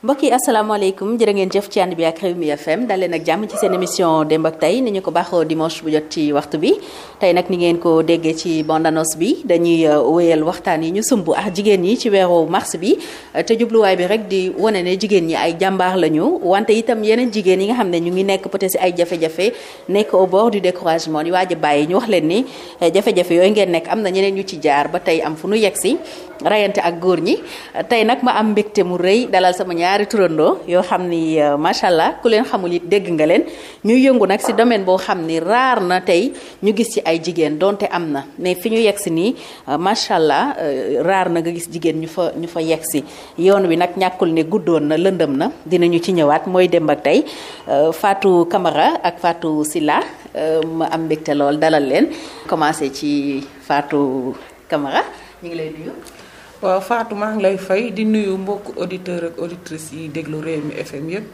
mbokk yi asalaamaaleykum jërë ngeen jëf ci ànd bi ak Rewmi FM dal leen ak jàmm ci seen émission démb ak tey ni ñu ko baaxoo dimanche bu jot ci waxtu bi tey nag ni ngeen ko déggee ci bande annonce bi dañuy euh, wéyal waxtaan yi ñu sumb ak jigéen ñi ci weeru mars bi euh, te jubluwaay bi rek di wane ne jigéen ñi ay jàmbaar lañu wante itam yeneen jigéen yi nga xam ne ñu ngi nekk peut si ay jafe-jafe nekk au bord du découragement di bàyyi ñu wax leen ni euh, jafe yooyu ngeen nekk am na ñeneen ñu ci jaar ba tey am fu nu yegg si rayante ak góor ñi tey nag ma am mbégte mu rëy dalal sama ñaari turandoo yoo xam ni euh, macha allah ku leen xamul it dégg nga leen ñuy yëngu nag si domaine boo xam ni raar na tey ñu gis ci ay jigéen donte am na mais fi ñu yegg si nii euh, macha allah euh, raar na nga gis jigéen ñu fa ñu fa yegg si yoon wi nag ñàkkul ne guddoon na lëndëm na dinañu ci ñëwaat mooy démb ak tey faatu Camara ak faatu Sylla ma am mbégte lool dalal leen commencé ci Fatou Camara ñu ngi lay nuyu. waaw faatu maa ngi lay fay di nuyu mbokk auditeurs ak auditrices yi déglu réew mi FM yëpp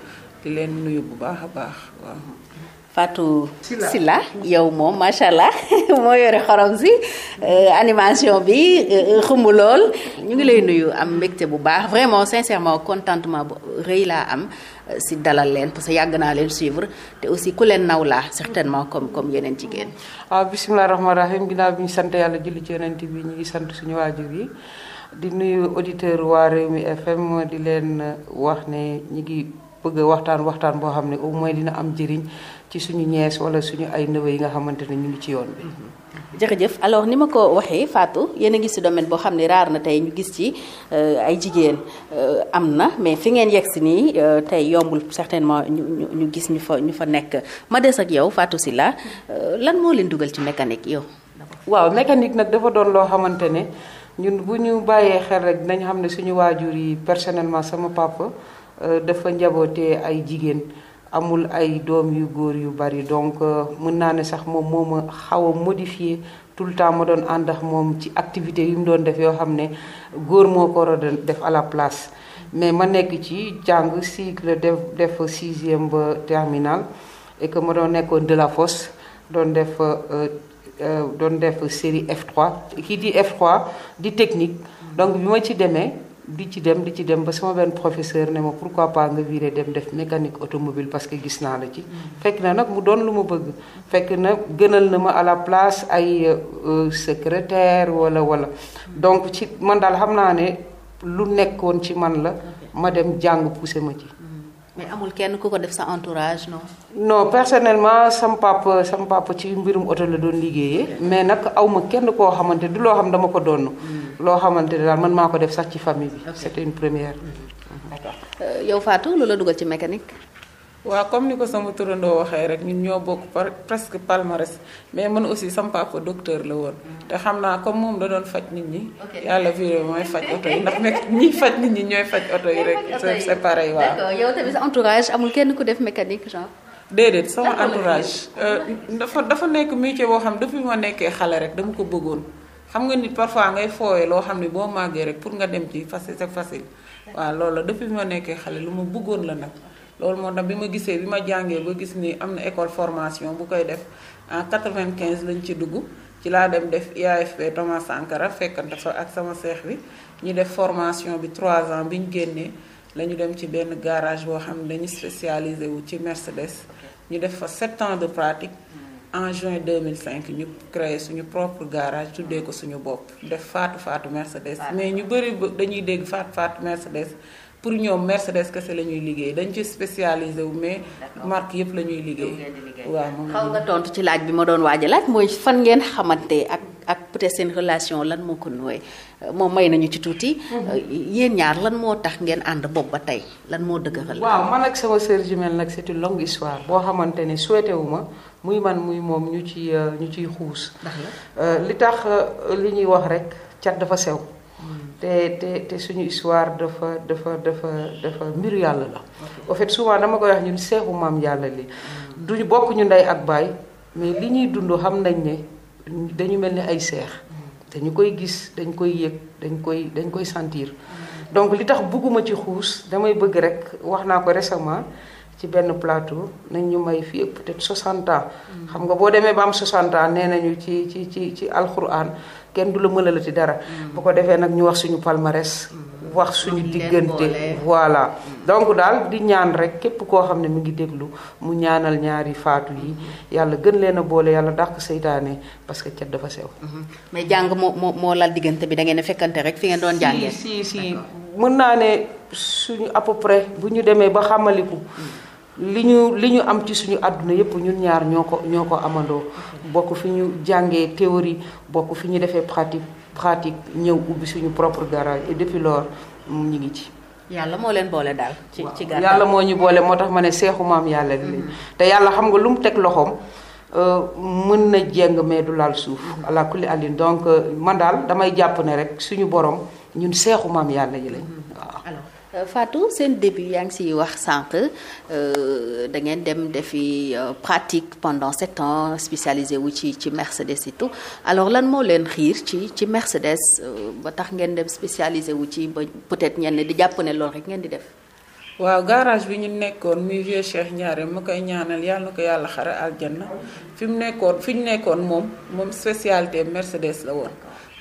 di leen nuyu bu baax a baax waaw. Fatou Sylla yow moom macha allah moo yore xorom si euh, animation bi euh, euh, xumb lool ñu ngi lay nuyu am mbégte bu baax vraiment sincèrement contentement bu rëy laa am si dalal leen parce que yàgg naa leen suivre te aussi ku leen naw laa certainement comme comme yeneen jigéen. waaw ah, bisimilah rahmaani rahiim ginnaaw bi ñu sant yàlla julli ci yonent bi ñu ngi sant suñu waajur yi. di nuyu auditeur waa mi FM di leen wax ne ñi ngi bëgg waxtaan waxtaan boo xam ne au moins dina am njëriñ ci suñu ñees wala suñu ay nëwe yi nga xamante ne ñu ngi ci yoon bi. Mm-hmm. jërëjëf alors ni ma ko waxee Fatou yéen a ngi si domaine boo xam ne raar na tey ñu gis ci euh, ay jigéen euh, am na mais fi ngeen yegg si nii euh, tey yombul certainement ñu ñu gis ñu fa ñu fa nekk ma des ak yow Fatou Sylla lan moo leen dugal ci mécanique yow. waaw mécanique nag dafa doon loo xamante ne. ñun bu ñu bàyyee xel rek dinañ xam ne suñu waajur yi personnellement sama papa euh, dafa njaboote ay jigéen amul ay doom yu góor yu bari donc euh, mën naa ne sax moom moo xaw a modifié tout le temps ma doon ànd ak moom ci activité yu mu doon def yoo xam ne góor moo ko war def à la place mais ma nekk ci jàng cycle def def sixième ba terminal et que ma doon nekkoon de la fosse doon def euh, Euh, doon def série F3 kii di F3 di technique donc bi ma ci demee di ci dem di ci dem ba sama benn professeur ne ma pourquoi pas nga viré dem def mécanique automobile parce que gis naa la ci fekk na nag mu doon lu ma bëgg fekk na gënal na ma à la place ay euh, euh, secrétaire wala wala donc ci man daal xam naa ne lu nekkoon ci man la ma dem jàng poussé ma ci mais amul kenn ku ko def sa entourage non. non personnellement sam papa sam papa ci mbirum oto la doon liggéeyee. mais nag aw ma kenn koo xamante du loo xam dama ko doon. Hmm. loo xamante ne daal man maa ko def sax ci famille bi. c'était une première. Hmm. Euh, yow Fatou lu la dugal ci mécanique. waaw comme ni ko sama turandoo waxee rek ñun ñoo bokk par presque palmarès mais man aussi sama papa docteur la woon. te xam naa comme moom da doon faj nit ñi. yàlla viré mooy faj oto yi ndax nekk ñiy faj nit ñi ñooy faj oto yi rek. c'est pareil waaw. d'accord amul kenn ku def mécanique genre. déedéet sama entourage. Euh, dafa dafa nekk métier boo xam depuis ma nekkee xale rek dama ko bëggoon. xam nga nit parfois ngay fooye loo xam ne boo màggee rek pour nga dem ci facile c'est facile. waaw loolu la depuis ma nekkee xale lu ma bëggoon la nag. loolu moo tax bi ma gisee bi ma jàngee ba gis ni am na école formation bu koy def en 95 lañ ci dugg ci laa dem def IAFP Thomas Sankara fekkante fa ak sama seex bi ñu def formation bi trois ans bi ñu génnee la ñu dem ci benn garage boo xam ne dañu spécialisé wu ci Mercedes ñu def fa 7 ans de pratique. en juin mille cinq ñu créé suñu propre garage tuddee ko suñu bopp def faatu faatu Mercedes. mais ñu bëri dañuy dégg faatu faatu Mercedes. pour ñoom Mercedes kese la ñuy liggéey dañ ci spécialisé wu mais marque yëpp la ñuy liggéey waaw moom xaw nga tontu ci laaj bi ma doon waaj a laaj mooy fan ngeen xamante ak ak peut seen relation lan moo ko euh, moom may nañu ci tuuti. Mhm. Euh, yéen ñaar lan moo tax ngeen ànd bopp ba tey lan moo dëgëral. waaw man ak sama sœur jumelle nag c'est une longue histoire boo xamante ne souhaité ma muy man muy moom ñu ci euh, ñu ciy xuus. ndax li tax li ñuy wax rek cat dafa sew. te te te suñu histoire dafa dafa dafa dafa mbiru yàlla la. au fait souvent dama koy wax ñun seexu maam yàlla li duñu bokk ñu ndey ak baay mais li ñuy dund xam nañ ne dañu mel ni ay seex. dañu koy gis dañ koy yëg dañ koy dañ koy sentir. donc li tax bugguma ci xuus damay bëgg rek wax naa ko récemment ci benn plateau nañ ñu may fii peut te 60 ans. xam nga boo demee ba am 60 ans nee nañu ci ci ci ci alxuraan. kenn du la mënala ci dara mm. bu ko defee nag ñu wax suñu palmarès mm. wax suñu diggante voilà mm. donc daal di ñaan rek képp koo xam ne mu ngi déglu mu ñaanal ñaari faatu yi mm-hmm. yàlla gën leen a boole yàlla dàq seytaane parce que cat dafa sew mm-hmm. mais jàng moo moo moo lal diggante bi da ngeen fekkante rek fi ngeen doon jàngee si si si naa ne suñu à peu bu ñu demee ba xamaliku li ñu li ñu am ci suñu àdduna yépp ñun ñaar ñoo ko ñoo ko amandoo bokk fi ñu jàngee théorie bokk fi ñu defee pratique pratique ñëw ubbi suñu propre garage et depuis ñu ngi ci. yàlla moo leen boole daal. ci ci gàttal yàlla moo ñu boole moo tax ma ne seexu maam yàlla bi mm-hmm. te yàlla xam nga lu mu teg loxoom euh, mën na jéng mais du laal suuf. Mm-hmm. ala kulli alin donc euh, man daal damay jàpp ne rek suñu borom ñun seexu maam yàlla yi lañ. Euh, Fatou seen début yaa ngi siy wax sànq euh, da ngeen dem defi euh, pratique pendant sept ans wu ci ci Mercedes et tout alors lan moo leen xiir ci ci Mercedes ba tax ngeen dem spécialisé wu ci ba peut-être ñenn di jàpp ne loolu rek ngeen di def. waaw garage bi ñu nekkoon mu vieux Cheikh Ndiare ma koy ñaanal yàlla na ko yàlla xare aljanna fi mu nekkoon fi ñu nekkoon moom moom spécialité Mercedes la woon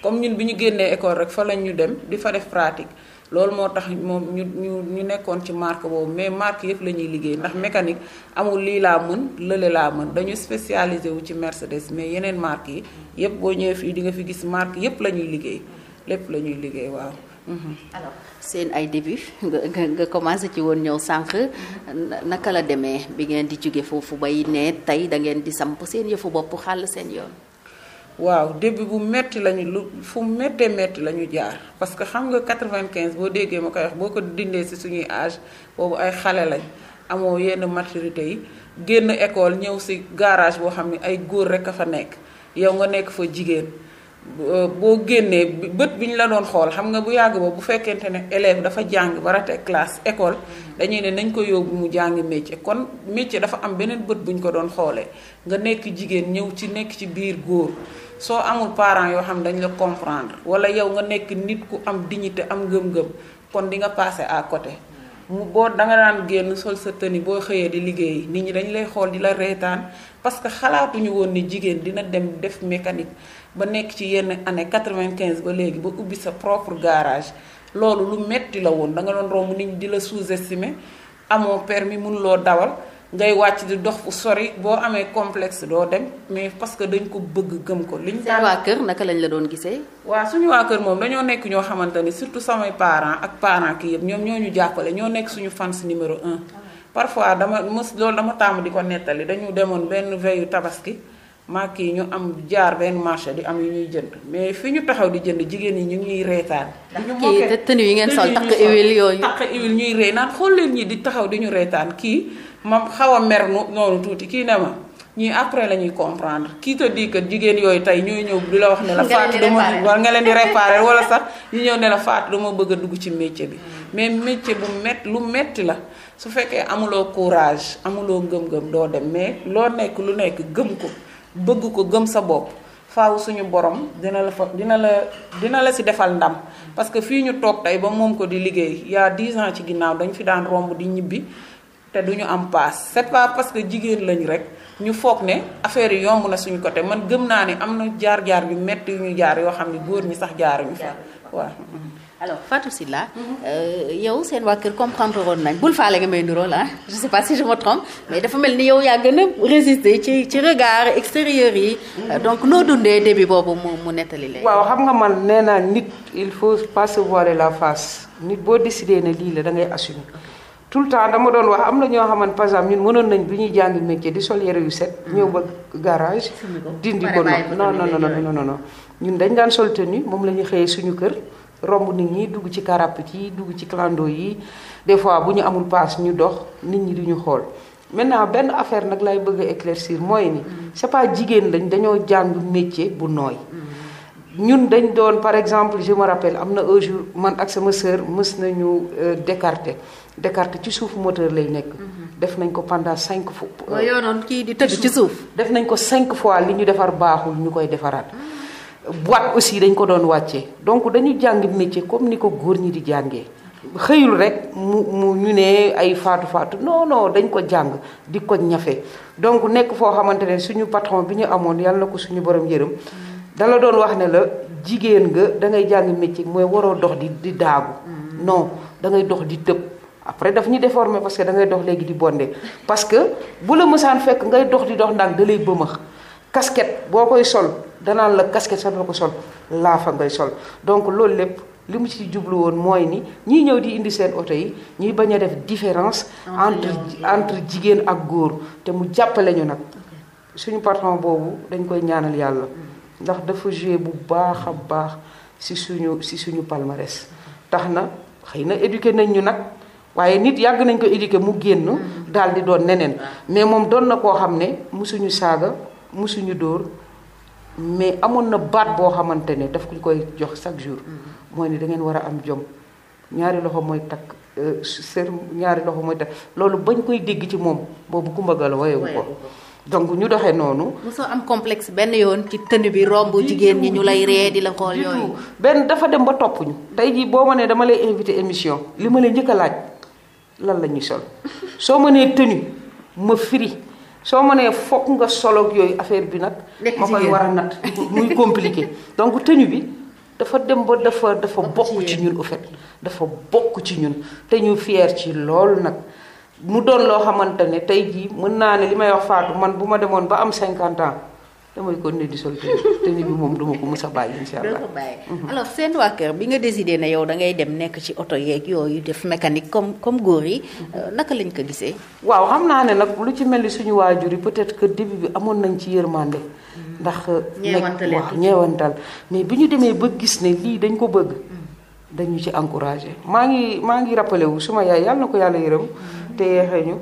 comme ñun bi ñu génnee école rek fa lañ dem di fa def pratique. loolu moo tax moom ñu ñu ñu nekkoon ci marque boobu mais marque yëpp la ñuy liggéey ndax mécanique amul lii laa mën lële laa mën dañu spécialisé wu ci Mercedes mais yeneen marque yi yëpp boo ñëwee fii di nga fi gis marque yëpp la ñuy liggéey lépp la ñuy liggéey waaw. Mhm. alors seen ay début nga nga commencé ci woon ñëw sànq naka la demee bi ngeen di jóge foofu bay nee tey da ngeen di samp seen yëfu bopp xàll seen yoon. waaw début bu metti lañu lu fu méttee métti la ñu jaar parce que xam nga 95 boo déggee ma koy wax boo ko dindee si suñuy âge boobu ay xale lañ amoo yenn maturité yi génn école ñëw si garage boo xam ni ay góor rekk a fa nekk yow nga nekk fa jigéen euh, boo génnee bët bi ñu la doon xool xam nga bu yàgg ba bu fekkente ne élève dafa jàng ba rate classe école mm-hmm. dañuy ne nañ ko yóbbu mu jàngi métier kon métier dafa am beneen bët bu ñu ko doon xoolee nga nekk jigéen ñëw ci nekk ci biir góor soo amul parent yoo xam ne dañ la comprendre wala yow nga nekk nit ku am di te am gëm-gëm kon di nga passé à côté mu boo danga daan génn sol sa tenue boo xëyee di liggéey nit ñi dañ lay xool di la reetaan parce que xalaatuñu woon ni jigéen dina dem def mécanique ba nekk ci yenn année quatre-vingt-quinze ba léegi ba ubbi sa propre garage loolu lu metti la woon da nga doon romb nit ñi di la sous-estimer amoo permis mënuloo dawal ngay wàcc di dox fu sori boo amee complexe doo dem mais parce que dañ ko bëgg gëm ko. liñ daan waa kër naka lañ la doon gisee. waa suñu waa kër moom dañoo nekk ñoo xamante ni surtout samay parents ak parents ki yëpp ñoom ñoo ñu jàppale ñoo nekk suñu fans numéro un. parfois dama mos loolu dama taamu di ko nettali dañu demoon benn veyu tabaski. màkk yi ñu am jaar benn marché di am yu ñuy jënd mais fi ñu taxaw di jënd jigéen ñi ñu ngi ñuy reetaan. ñu mokkee ndax kii yi ngeen sol takk huile yooyu. takk huile ñuy rey naan xool leen ñi di taxaw di ñu reetaan kii ma xaw mer mer noonu tuuti kii ne ma. ñii après la ñuy comprendre kii te di jigéen yooyu tey ñooy ñëw di la wax ne la faatu dama war nga leen di réparer wala sax ñu ñëw ne faat du ma bëgg a dugg ci métier bi mais métier bu mett lu metti la su fekkee amuloo courage amuloo ngëm-ngëm doo dem mais loo nekk lu nekk gëm ko bëgg ko gëm sa bopp faaw suñu borom dina la fa dina la dina la si defal ndam parce que fii ñu toog tey ba moom ko di liggéey y a 10 ci ginnaaw dañ fi daan romb di ñibbi te duñu am paas c'est pas parce que jigéen lañ rek ñu foog ne affaire yi yomb na suñu côté man gëm naa ne am na jaar-jaar yu métti yu ñuy jaar yoo xam ne góor ñu sax jaaruñu fa waaw. Mm-hmm. alors Fatou Sylla mm-hmm. euh, yow seen waa kër comprendre woon nañ bul faale nga may nurool ah je sais pas si je me mais dafa mel ni yow yaa gën a résister ci ci regard extérieur yi. Euh, donc noo dundee début boobu mu mu nettali leen. waaw xam nga man nee naa nit il faut pas se voiler la face nit boo décidé ne lii la dangay ngay tout le temps dama doon wax am na ñoo xamante par exemple ñun mënoon nañ bi ñuy jàngi métier di sol yére yu set. ñëw ba garage. dindi ko non non non non non ñun dañ daan sol tenue moom la ñu xëyee suñu kër. romb nit ñi dugg ci carapit yi dugg ci clando yi des fois bu ñu amul paas ñu dox nit ñi duñu xool maintenant benn affaire nag lay bëgg a éclaircir mooy ni mm. c'est pas jigéen lañ dañoo jàng métier bu nooy mm. ñun dañ doon par exemple je me rappelle am na un jour man ak sama sœur mës nañu euh, décarté Descartes ci suuf moteur lay nekk. Mhm. def nañ ko pendant cinq fois. Euh, yoonoon kii di tëdd ci suuf. def nañ ko cinq fois li ñu defar baaxul ñu koy defaraat. Mhm. boîte aussi dañ ko doon wàccee donc dañu jàng métier comme ni ko góor ñi di jàngee. xëyul rek mu mu ñu ne ay faatu faatu dañ ko jàng di ko ñafe donc nekk foo xamante ne suñu patron bi ñu amoon yàlla ko suñu borom yërëm. Mhm. dala doon wax ne la jigéen nga dangay ngay jàng métier mooy waroo dox di di daagu. non da ngay dox di tëb. après daf ñu déformé parce dangay dox léegi di bondé parce que bu la mësaan fekk ngay dox di dox ndànk da lay bëmax casquette boo koy sol danaan la casquette sax doo ko sol laa fa ngay sol donc loolu lépp li mu ci jublu woon mooy ni ñiy ñëw di indi seen oto yi ñuy bañ a def différence entre entre jigéen ak góor te mu jàppale ñu nag suñu patron boobu dañ koy ñaanal yàlla mm. ndax dafa joué bu baax a baax si suñu si suñu palmarès tax na xëy na éduqué nañ ñu nag waaye nit yàgg nañ ko éduquer mu génn mm-hmm. daal di doon neneen mais moom doon na koo xam ne musuñu saaga musuñu dóor mais amoon na baat boo xamante ne daf ko koy jox chaque jour mm-hmm. mooy ni da ngeen war a am jom ñaari loxo mooy takk euh, sër ñaari loxo mooy takk loolu bañ koy dégg ci moom boobu kumbagal wayewu ko donc ñu doxee noonu. mosoo am complexe benn yoon ci tënn bi romb jigéen ñi ñu lay ree di la xool benn dafa dem ba topp ñu. tey jii boo ma nee dama lay invité émission li ma lay njëkk a laaj. lan la ñuy sol soo mënee tenue ma firi soo nee foog nga solo yooyu affaire bi nag. ma koy war a natt muy compliqué. donc tenue bi dafa dem ba dafa dafa bokk ci ñun au fait dafa bokk ci ñun te ñu fier ci lool nag. mu doon loo xamante ne tey jii mën naa ne li may wax Fatou man bu ma demoon ba am 50 ans. damay ko ne di sol tenue bi moom duma ko mës a bàyyi incha allah mhm. seen waa bi nga décidé ne yow da ngay dem nekk ci oto yeeg yooyu def mécanique comme comme góor yi mhm. euh, naka lañ ko gisee waaw xam naa ne nag lu ci mel ni suñu waajur yi peut-être kër début bi amoon nañ ci yërmande mhm. ndax euh, waaw ñeewantal mais bi ñu demee ba gis ne lii dañ ko bëgg dañu ci encouragé maa ngi maa ngi rappelé wu suma yaay yàlla na ko yàlla yërëm te yeexee ñu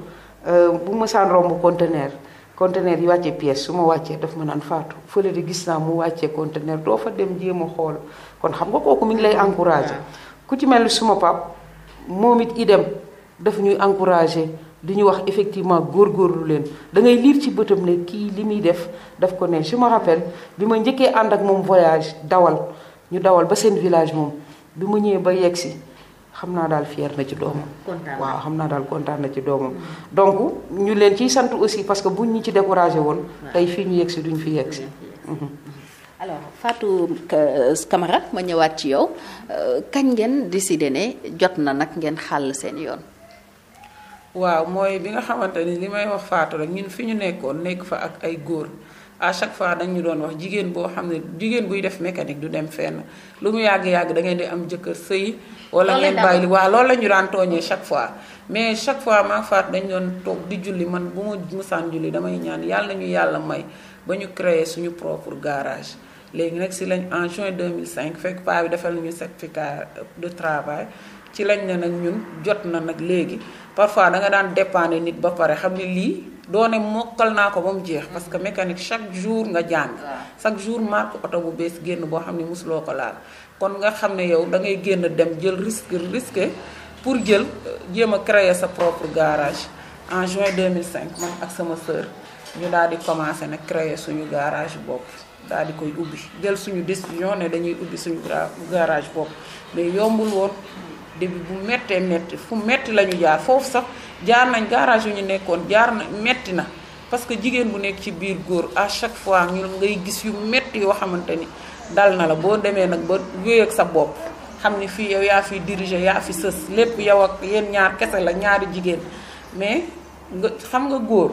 euh, bu mësaan romb conteneur conteneur yi wàccee pièce su ma wàccee daf ma naan faatu fële di gis naa mu wàccee conteneur doo fa dem jéem xool kon xam nga kooku mi ngi lay encouragé ku ci mel suma pap moom it i dem daf ñuy encouragé di ñu wax effectivement góor góorlu leen da ngay liir ci bëtam ne kii li muy def daf ko ne je me rappelle bi ma njëkkee ànd ak moom voyage dawal ñu dawal ba seen village moom bi mu ñëwee ba yegg si xam naa daal fier na ci doomam. waaw xam naa daal kontaan na ci doomam. donc ñu leen ciy sant aussi parce que buñ ñu ci découragé woon. tey fii ñu yegg si duñ fi yegg si. Mhm. alors Fatou euh, Camara ma ñëwaat ci yow euh, kañ ngeen décidé ne jot na nag ngeen xàll seen yoon. waaw mooy bi nga xamante ni li may wax Fatou rek ñun fi ñu nekkoon nekk fa ak ay góor. à chaque fois dañ doon wax jigéen boo xam ne jigéen buy def mécanique du dem fenn lu mu yàgg yàgg da ngeen di am jëkkër sëy wala ngeen bàyyi waaw loolu la ñu daan tooñee chaque fois mais chaque fois maa faat dañ doon toog di julli man bu ma musaan julli damay ñaan yàlla nañu yàlla may ba ñu créer suñu propre garage léegi nag si lañ en juin 2005 fekk paa bi defal nañu certificat de travail ci lañ ne nag ñun jot na nag léegi parfois da nga daan dépendre nit ba pare xam ne lii doone mokkal naa ko ba mu jeex parce que mécanique chaque jour nga jàng chaque jour marque oto bu bees génn boo xam ne mosuloo ko laal kon nga xam ne yow dangay ngay génn dem jël risque risque pour jël jéem a créer sa propre garage en juin 2005 man ak sama sœur ñu daal di commencé nag créer suñu garage bopp daal di koy ubbi jël suñu décision ne dañuy ubbi suñu garage bopp mais yombul woon début bu méttee métti fu métti la ñu jaar foofu sax jaar nañ garage yu ñu nekkoon jaar na métti na parce que jigéen bu nekk ci biir góor à chaque fois ñu ngay gis yu métti yoo xamante ni dal na la boo demee nag ba wéy sa bopp xam ni fii yow yaa fi diriger yaa fi sës lépp yow ak yéen ñaar kese la ñaari jigéen mais nga xam nga góor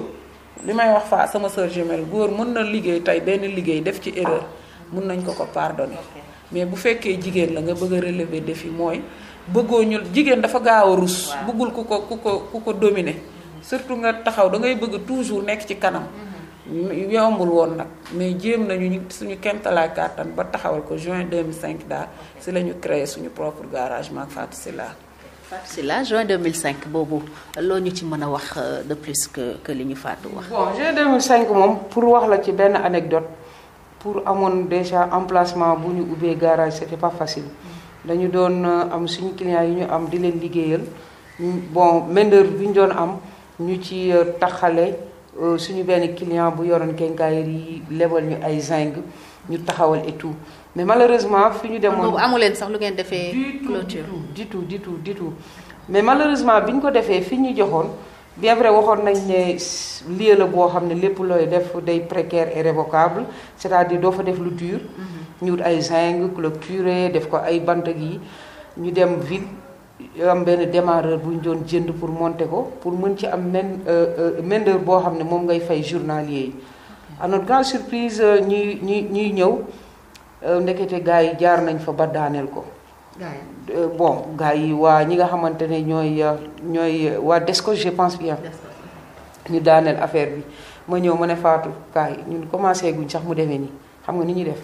li may wax faa sama sœur jumelle góor mën na liggéey tey benn liggéey def ci erreur mën nañ ko ko pardonner mais bu fekkee jigéen la nga bëgg a relever défi mooy bëggoo ñu jigéen dafa gaaw a rus. bëggul ku ko ku ko ku ko dominer. Mm-hmm. surtout nga taxaw da ngay bëgg toujours nekk ci kanam. Mm-hmm. yombul woon nag mais jéem nañu ñu suñu kemtalaay kàttan ba taxawal ko juin deux 2005 daal si la ñu créé suñu propre garage maak Fatou Sylla Fatou Sylla juin cinq boobu lool ñu ci mën a wax euh, de plus que que li ñu fàtt wax. bon juin 2005 moom pour wax la ci benn anecdote pour amoon déjà emplacement bu ñu ubbee garage c'était pas facile dañu doon euh, am suñu clients yi ñu am di leen liggéeyal bon main d'œuvre ñu doon am ñu ci euh, taxale. Euh, suñu benn client bu yoroon kenkaayir yi lebal ñu ay zinc ñu taxawal et mais malheureusement fu ñu demoon amu leen sax lu ngeen defee clôture du tout du tout du tout mais malheureusement bi ñu ko defee fi ñu joxoon bien vrai waxoon nañ ne lieu la boo xam ne lépp looy def day précaire et révocable c'est-à-dire doo fa def lu dur mhm. ñu wut ay zinc clôturer def ko ay bant yi ñu dem vide am benn démarreur bu ñu doon jënd pour monter ko pour mën ci am men main euh, euh, d'œuvre boo xam ne moom ngay fay journalier yi à notre grande surprise euh, ñuy ñuy ñëw ndekete gars yi jaar nañ fa ba daaneel ko bon gars yi waa ñi nga xamante ne ñooy ñooy waa ko je pense bien ñu daaneel affaire bi ma ñëw ma ne Fatou kaay ñu commencé guñ sax mu demee ni xam nga ni ñuy def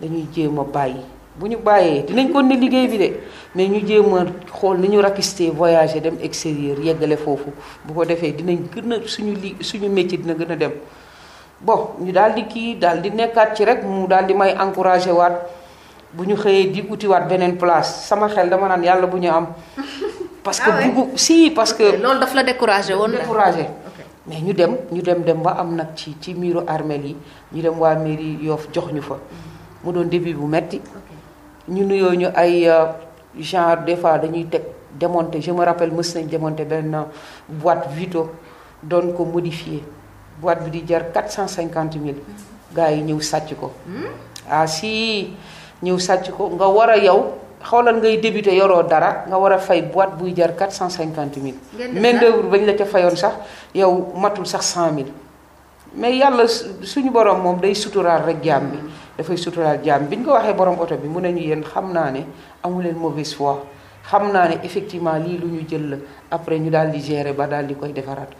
dañuy jéem a bàyyi bu ñu bàyyee dinañ kon ne liggéey bi de mais ñu jéem a xool ni ñu rapister voyager dem extérieur yeggale foofu bu ko defee dinañ gën a suñu li suñu métier dina gën a dem bon ñu daal di kii daal di nekkaat ci rek mu daal di may encouragé waat bu ñu xëyee di utiwaat beneen place sama xel dama naan yàlla bu ñu am parce que ah buggu si parce que loolu daf la découragé woon découragé mais ñu dem ñu dem dem ba am nag ci ci miiru armel yi ñu dem waa mairie Yoff jox ñu fa mu doon début bu metti ñu nuyoo ñu ay euh, genre des fois dañuy teg démonter je me rappelle mës nañ démonter benn euh, boîte Vito doon ko modifier boîte bi di jar quatre cent cinquante mille gars yi ñëw sàcc ko. Hmm? ah si ñëw sàcc ko nga war a yow xoolal ngay débuté yoroo dara nga war a fay boîte buy jar quatre cent cinquante mille. main d'œuvre bañ la ca fayoon sax yow matul sax cent mille. mais yàlla suñu borom moom day suturaal rek jaam bi. Hmm. dafay suturaal jaam bi ñu ko waxee borom oto bi mu ne ñu yéen xam naa ne amu leen mauvaise foi xam naa ne effectivement lii lu ñu jël la après ñu daal di gérer ba daal di koy defaraat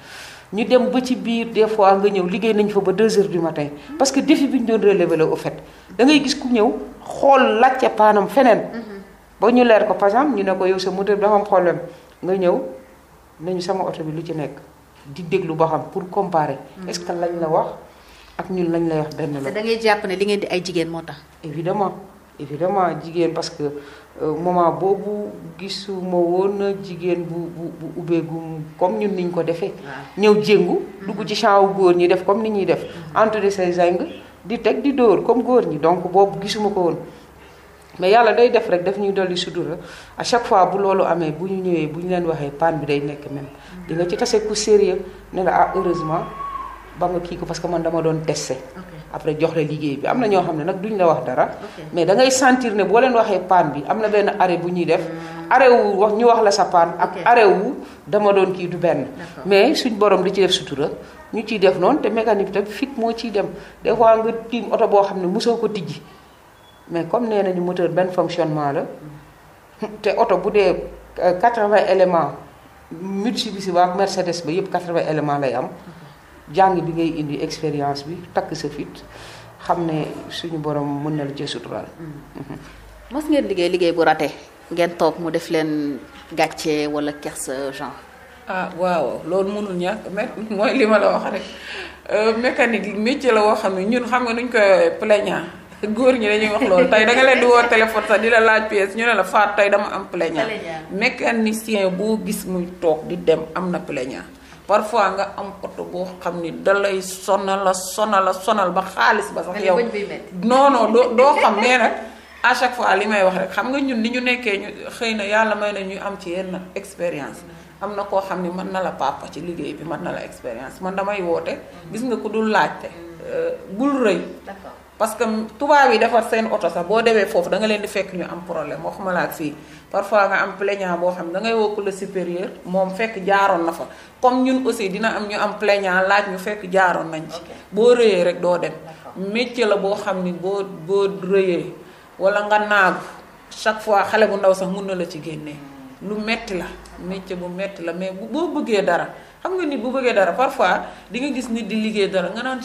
ñu dem ba ci biir des fois nga ñëw liggéey nañ fa ba deux heures du matin parce que défi bi ñu doon relever la au fait da ngay gis ku ñëw xool laajte paanam feneen. Mhm. ba ñu leer ko par exemple ñu ne ko yow sa moteur bi dafa am problème nga ñëw nañu sama oto bi lu ci nekk di déglu ba xam pour comparer. Mhm. est-ce que la wax. ak ñun lañ lay wax benn la. da ngay jàpp ne li ngeen di ay jigéen moo tax. évidemment évidemment jigéen parce que euh, moment boobu gisuma woon jigéen bu bu bu comme ñun niñ ko defee. ñëw jéngu. dugg ci mm-hmm. champ góor ñi def comme ni ñuy def. Mm-hmm. entre say zeng di teg di dóor comme góor ñi donc boobu gisuma ko woon. mais yàlla day def rek daf ñuy dolli sudura a chaque fois bu loolu amee bu ñu ñëwee bu ñu leen waxee panne bi day nekk même. Mm-hmm. di nga ci tase ba nga kii ko parce que man dama doon testé. après jox la liggéey bi am na ñoo xam ne nag duñ la wax dara. mais da ngay sentir ne boo leen waxee paan bi am na benn arrêt bu ñuy def. Hmm. arrêt wu wax ñu wax la sa paan ak arrêt wu dama doon kii du benn. mais suñ borom di ci def sutura ñu ciy def noonu te mécanique bi fit moo ciy dem des fois nga tiim oto boo xam ne mosoo ko tijji mais comme nee nañu moteur benn fonctionnement la te oto bu dee 80 euh, éléments multiplié ba ak Mercedes ba yëpp 80 éléments lay am. jàng bi ngay indi expérience bi takk sa fit xam ne suñu borom mën na la ci suturaal. mos mm-hmm. ngeen liggéey liggéey bu rate ngeen toog mu def leen gàcce wala kersa genre. ah waaw loolu mënul ñàkk mais mooy li ma la wax rek euh, mécanique métier la woo xam ne ñun xam nga nuñ koy plaignant góor ñi dañuy wax loolu tey da nga leen di woo téléphone sax di la laaj pièce ñu ne la faat tey dama am plaignant mécanicien boo gis muy toog di dem am na plaignant parfois nga am oto boo xam ni dalay sonal la sonal la sonal ba xaalis ba sax yow non non doo doo xam nee nag à chaque fois li may wax rek xam nga ñun li ñu nekkee ñu xëy na yàlla may na ñu am ci yenn expérience am na koo xam ni mën na la papa ci liggéey bi mën na la expérience man damay woote gis nga ko dul laajte euh, bul rëy parce que tubaab yi defar seen oto sax boo demee foofu danga leen di fekk ñu am problème waxuma la ak fii parfois nga am plaignant boo xam ne dangay ngay wokk le supérieur moom fekk jaaroon na fa comme ñun aussi dina am ñu am plaignant laaj ñu fekk jaaroon nañ ci boo rëyee rek doo dem métier la boo xam ni boo boo rëyee wala nga naagu chaque fois xale bu ndaw sax mun na la ci génnee hmm. lu metti la métier bu metti la mais bu boo bëggee dara xam nga nit bu bëggee dara parfois di nga gis nit di liggéey dara nga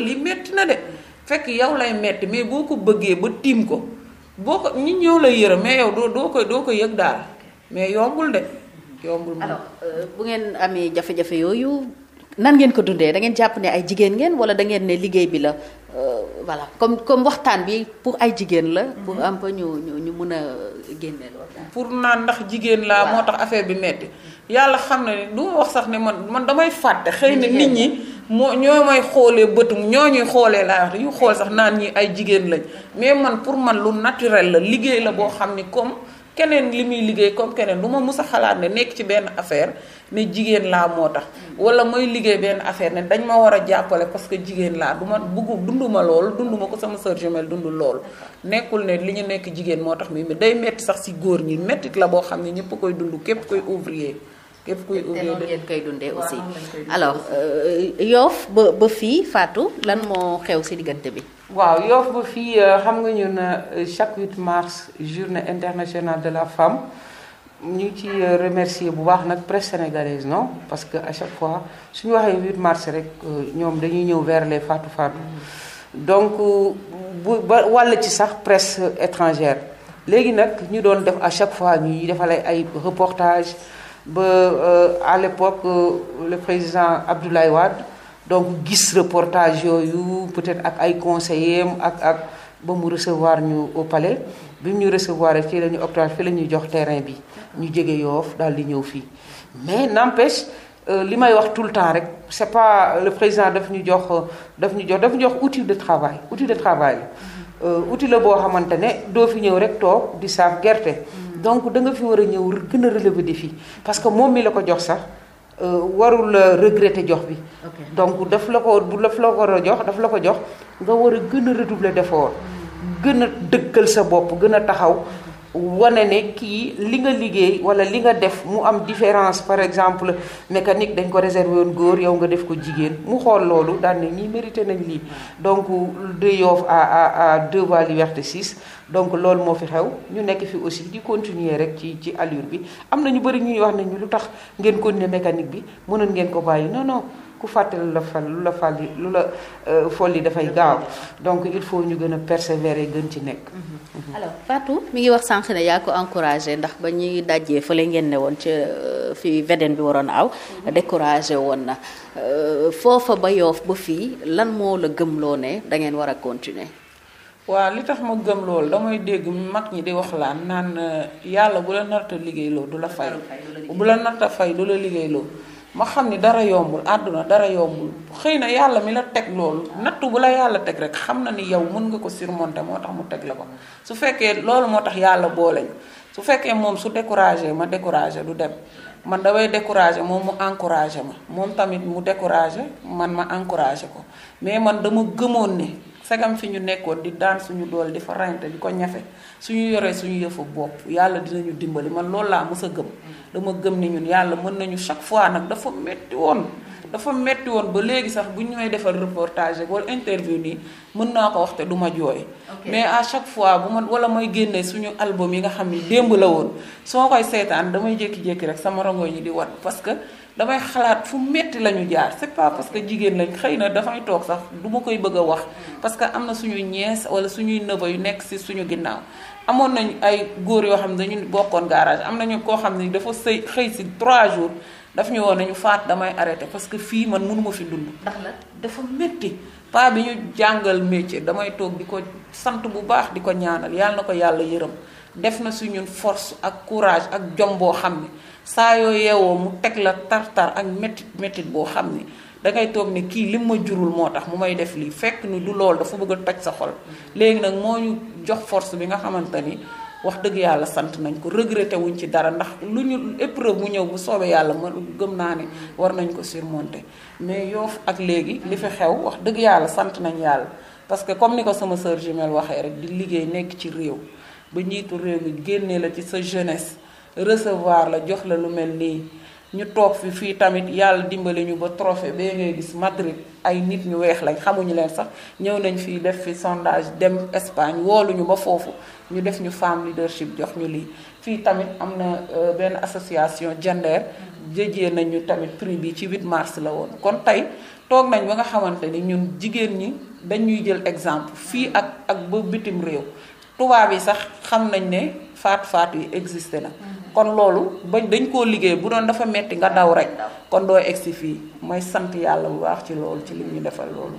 li metti na de fekk yow lay metti mais boo ko bëggee ba tiim ko boo ko ñi ñëw lay yërëm mais yow doo doo ko doo ko yëg daal mais yombul de yombul moom alors euh, bu ngeen amee jafe-jafe yooyu nan ngeen ko dundee da ngeen jàpp ne ay jigéen ngeen wala da ngeen ne liggéey bi la euh, voilà comme comme waxtaan bi pour ay jigéen la pour mhm. un peu ñu ñu ñu mun a génne loolu pour naan ndax jigéen laa moo tax affaire bi metti yàlla xam na ne du ma wax sax ne man man damay fàtte xëy na nit ñi moo ñoo may xoolee bëtum ñoo ñuy xoolee laa wax dañu xool sax naan ñi ay jigéen lañ mais man pour man lu naturel la liggéey la boo xam ni comme keneen li muy liggéey comme keneen du ma mus a xalaat ne nekk ci benn affaire ne jigéen laa moo tax wala mooy liggéey benn affaire ne dañ ma war a jàppale parce que jigéen laa du ma bugg dunduma loolu dunduma ko sama sœur jumelle dund loolu nekkul ne li ñu nekk jigéen moo tax mi day metti sax si góor ñi mettit la boo xam ne ñëpp koy dund képp koy ouvrier képp kuy ubbee te ngeen aussi alors euh, yoof ba ba fii faatu lan moo xew si diggante bi. waaw yoof ba fii euh, xam nga ñun euh, chaque 8 mars journée internationale de la femme ñu ci remercier bu baax nag presse sénégalaise non parce que à chaque fois suñu waxee 8 mars rek ñoom dañuy ñëw vers les Fatou mm. donc bu ba wàll ci sax presse étrangère léegi nag ñu doon def à chaque fois ñuy defal ay reportage ba euh, à l'époque euh, le président Abdoulaye Wade donc gis reportage yooyu peut-être ak ay conseillers ak ak ba mu recevoir ñu au bi mu ñu recevoir rek fii la ñu octroyé fii la ñuy jox terrain bi ñu jege yoof daal di ñëw fii mais n'empêche euh, li may wax tout le temps rek c'est pas le président daf ñu jox daf ñu jox daf ñu jox outil de travail outil de travail mm-hmm. outil la boo xamante ne doo fi ñëw rek toog di saaf gerte mm-hmm. donc da nga fi war a ñëw gën a relever défi parce que moom mi la ko jox sax euh, warul euh, regretter jox bi. donc daf la ko bu daf la ko war jox daf la ko jox nga war a gën a redoubler d'effort gën a dëkkal sa bopp gën a taxaw. wane ne kii li nga liggéey wala li nga def mu am différence par exemple mécanique dañ ko réservé woon góor yow nga def ko jigéen mu xool loolu daan nii ñii nañ lii donc de Yoff à à à deux voies Liberté 6 donc loolu moo fi xew ñu nekk fi aussi di continuer rek ci ci allure bi am na ñu bëri ñuy wax ne lu tax ngeen kon continuer mécanique bi mënoon ngeen ko bàyyi non non ku fàtte lu la fal lu la fal lu la euh, dafay gaaw donc il faut ñu gën a persévérer gën ci nekk. Mhm. alors Fatou mi ngi wax sànq ne yaa ko encouragé ndax ba ñuy dajee fële ngeen ne woon ca euh, fi veden bi waroon aw. Mhm. découragé woon na euh, foofa ba yoof ba fii lan moo la gëmloo ne da ngeen war a continuer. waaw li tax ma gëm loolu damay dégg mag ñi di wax laan naan euh, yàlla bu la narta liggéeyloo du la fay bu la narta fay du la liggéeyloo ma xam ni dara yombul àdduna dara yombul xëy na yàlla mi la teg loolu nattu bu la yàlla teg rek xam na ni yow mun nga ko surmonter moo tax mu teg la ko su fekkee loolu moo tax yàlla booleñ su fekkee moom su découragé ma découragé du dem man daway découragé moom mu encouragé ma moom tamit mu découragé man ma encouragé ko mais segam fi ñu nekkoon di daan suñu dool di fa rente di ko ñafe suñu yoree suñu yëfu bopp yàlla dinañu dimbali man loolu laa mës a gëm dama gëm ni ñun yàlla mën nañu chaque fois nag dafa metti woon dafa metti woon ba léegi sax bu ñooy may defal reportage rek wala interview nii mën naa ko waxte te du ma jooy mais à chaque fois bu ma wala may génnee suñu album yi nga xam ni démb la woon soo koy seetaan damay jékki-jékki rek sama rongo ñi di wat parce damay xalaat fu metti la ñu jaar c'est pas parce que jigéen lañ xëy na dafay toog sax duma koy bëgg a wax parce que am na suñuy ñees wala suñuy neveu yu nekk si suñu ginnaaw amoon nañ ay góor yoo xam ne dañu bokkoon garage am nañu koo xam ni dafa sëy xëy ci trois jours daf ñu woon nañu faat damay arrêté parce que fii man mënuma fi dund ndax la dafa metti pa bi ñu jàngal métier damay toog di ko sant bu baax di ko ñaanal yàlla na ko yàlla yërëm def na su ñun force ak courage ak jom boo xam ne saa yoo yeewoo mu teg la tar-tar ak métit métit boo xam ni dangay toog ni kii lim ma jurul moo tax mu may def lii fekk ni du lool dafa bëgg a toj sa xol léegi nag moo ñu jox force bi nga xamante ni wax dëgg yàlla sant nañ ko regretté wuñ ci dara ndax lu ñu épreuve mu ñëw bu soobee yàlla ma gëm naa ne war nañ ko surmonter mais yoof ak léegi li fi xew wax dëgg yàlla sant nañ yàlla parce que comme ni ko sama sœur jumelle waxee rek di liggéey nekk ci réew ba njiitu réew mi génnee la ci sa jeunesse recevoir la jox la lu mel nii ñu toog fi fii tamit yàlla dimbali ñu ba trophée bee ngay gis Madrid ay nit ñu weex lañ xamuñu leen sax ñëw nañ fii def fi sondage dem Espagne wooluñu ba foofu ñu def ñu femme leadership jox ñu lii fii tamit am na euh, benn association gender jëjee nañu tamit prix bi ci 8 mars la woon kon tey toog nañ ba nga xamante ni ñun jigéen ñi dañuy jël exemple fii ak ak ba bitim réew tubaab yi sax xam nañ ne faatu-faatu yi existé na mhm. kon loolu ba dañ koo liggéey bu doon dafa metti nga daw rek kon doo egsi fii may sant yàlla bu baax ci loolu ci li ñu defal loolu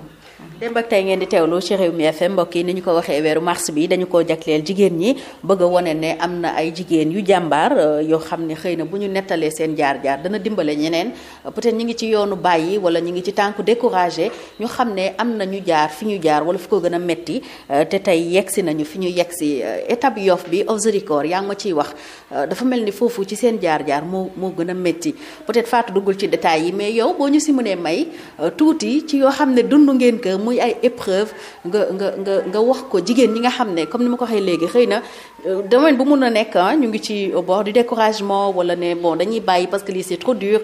démb ak tey ngeen di teewlu ci Rewmi FM mbokk yi ni ñu ko waxee weeru mars bi dañu ko jagleel jigéen ñi bëgg a wone ne am na ay jigéen yu jàmbaar euh, yoo xam ne xëy na bu ñu nettalee seen jaar-jaar dana dimbale ñeneen peut-être ñu ngi ci yoonu bàyyi wala ñu ngi ci tànk découragé ñu xam ne am na ñu jaar fi ñu jaar wala fi ko gën a metti euh, te tey yegsi nañu fi ñu yegsi euh, étape Yoff bi of the record yaa ngi ma ciy wax dafa mel ni foofu ci seen jaar-jaar moo moo gën a metti peut-être Fatou ci détails yi mais yow boo ñu si mënee may muy ay épreuve nga nga nga nga wax ko jigéen ñi nga xam ne comme ni ma ko waxee léegi xëy na euh, domaine bu mun a nekk ah, ñu ngi ci boo bord du découragement wala ne bon dañuy bàyyi parce que lii c'est trop dur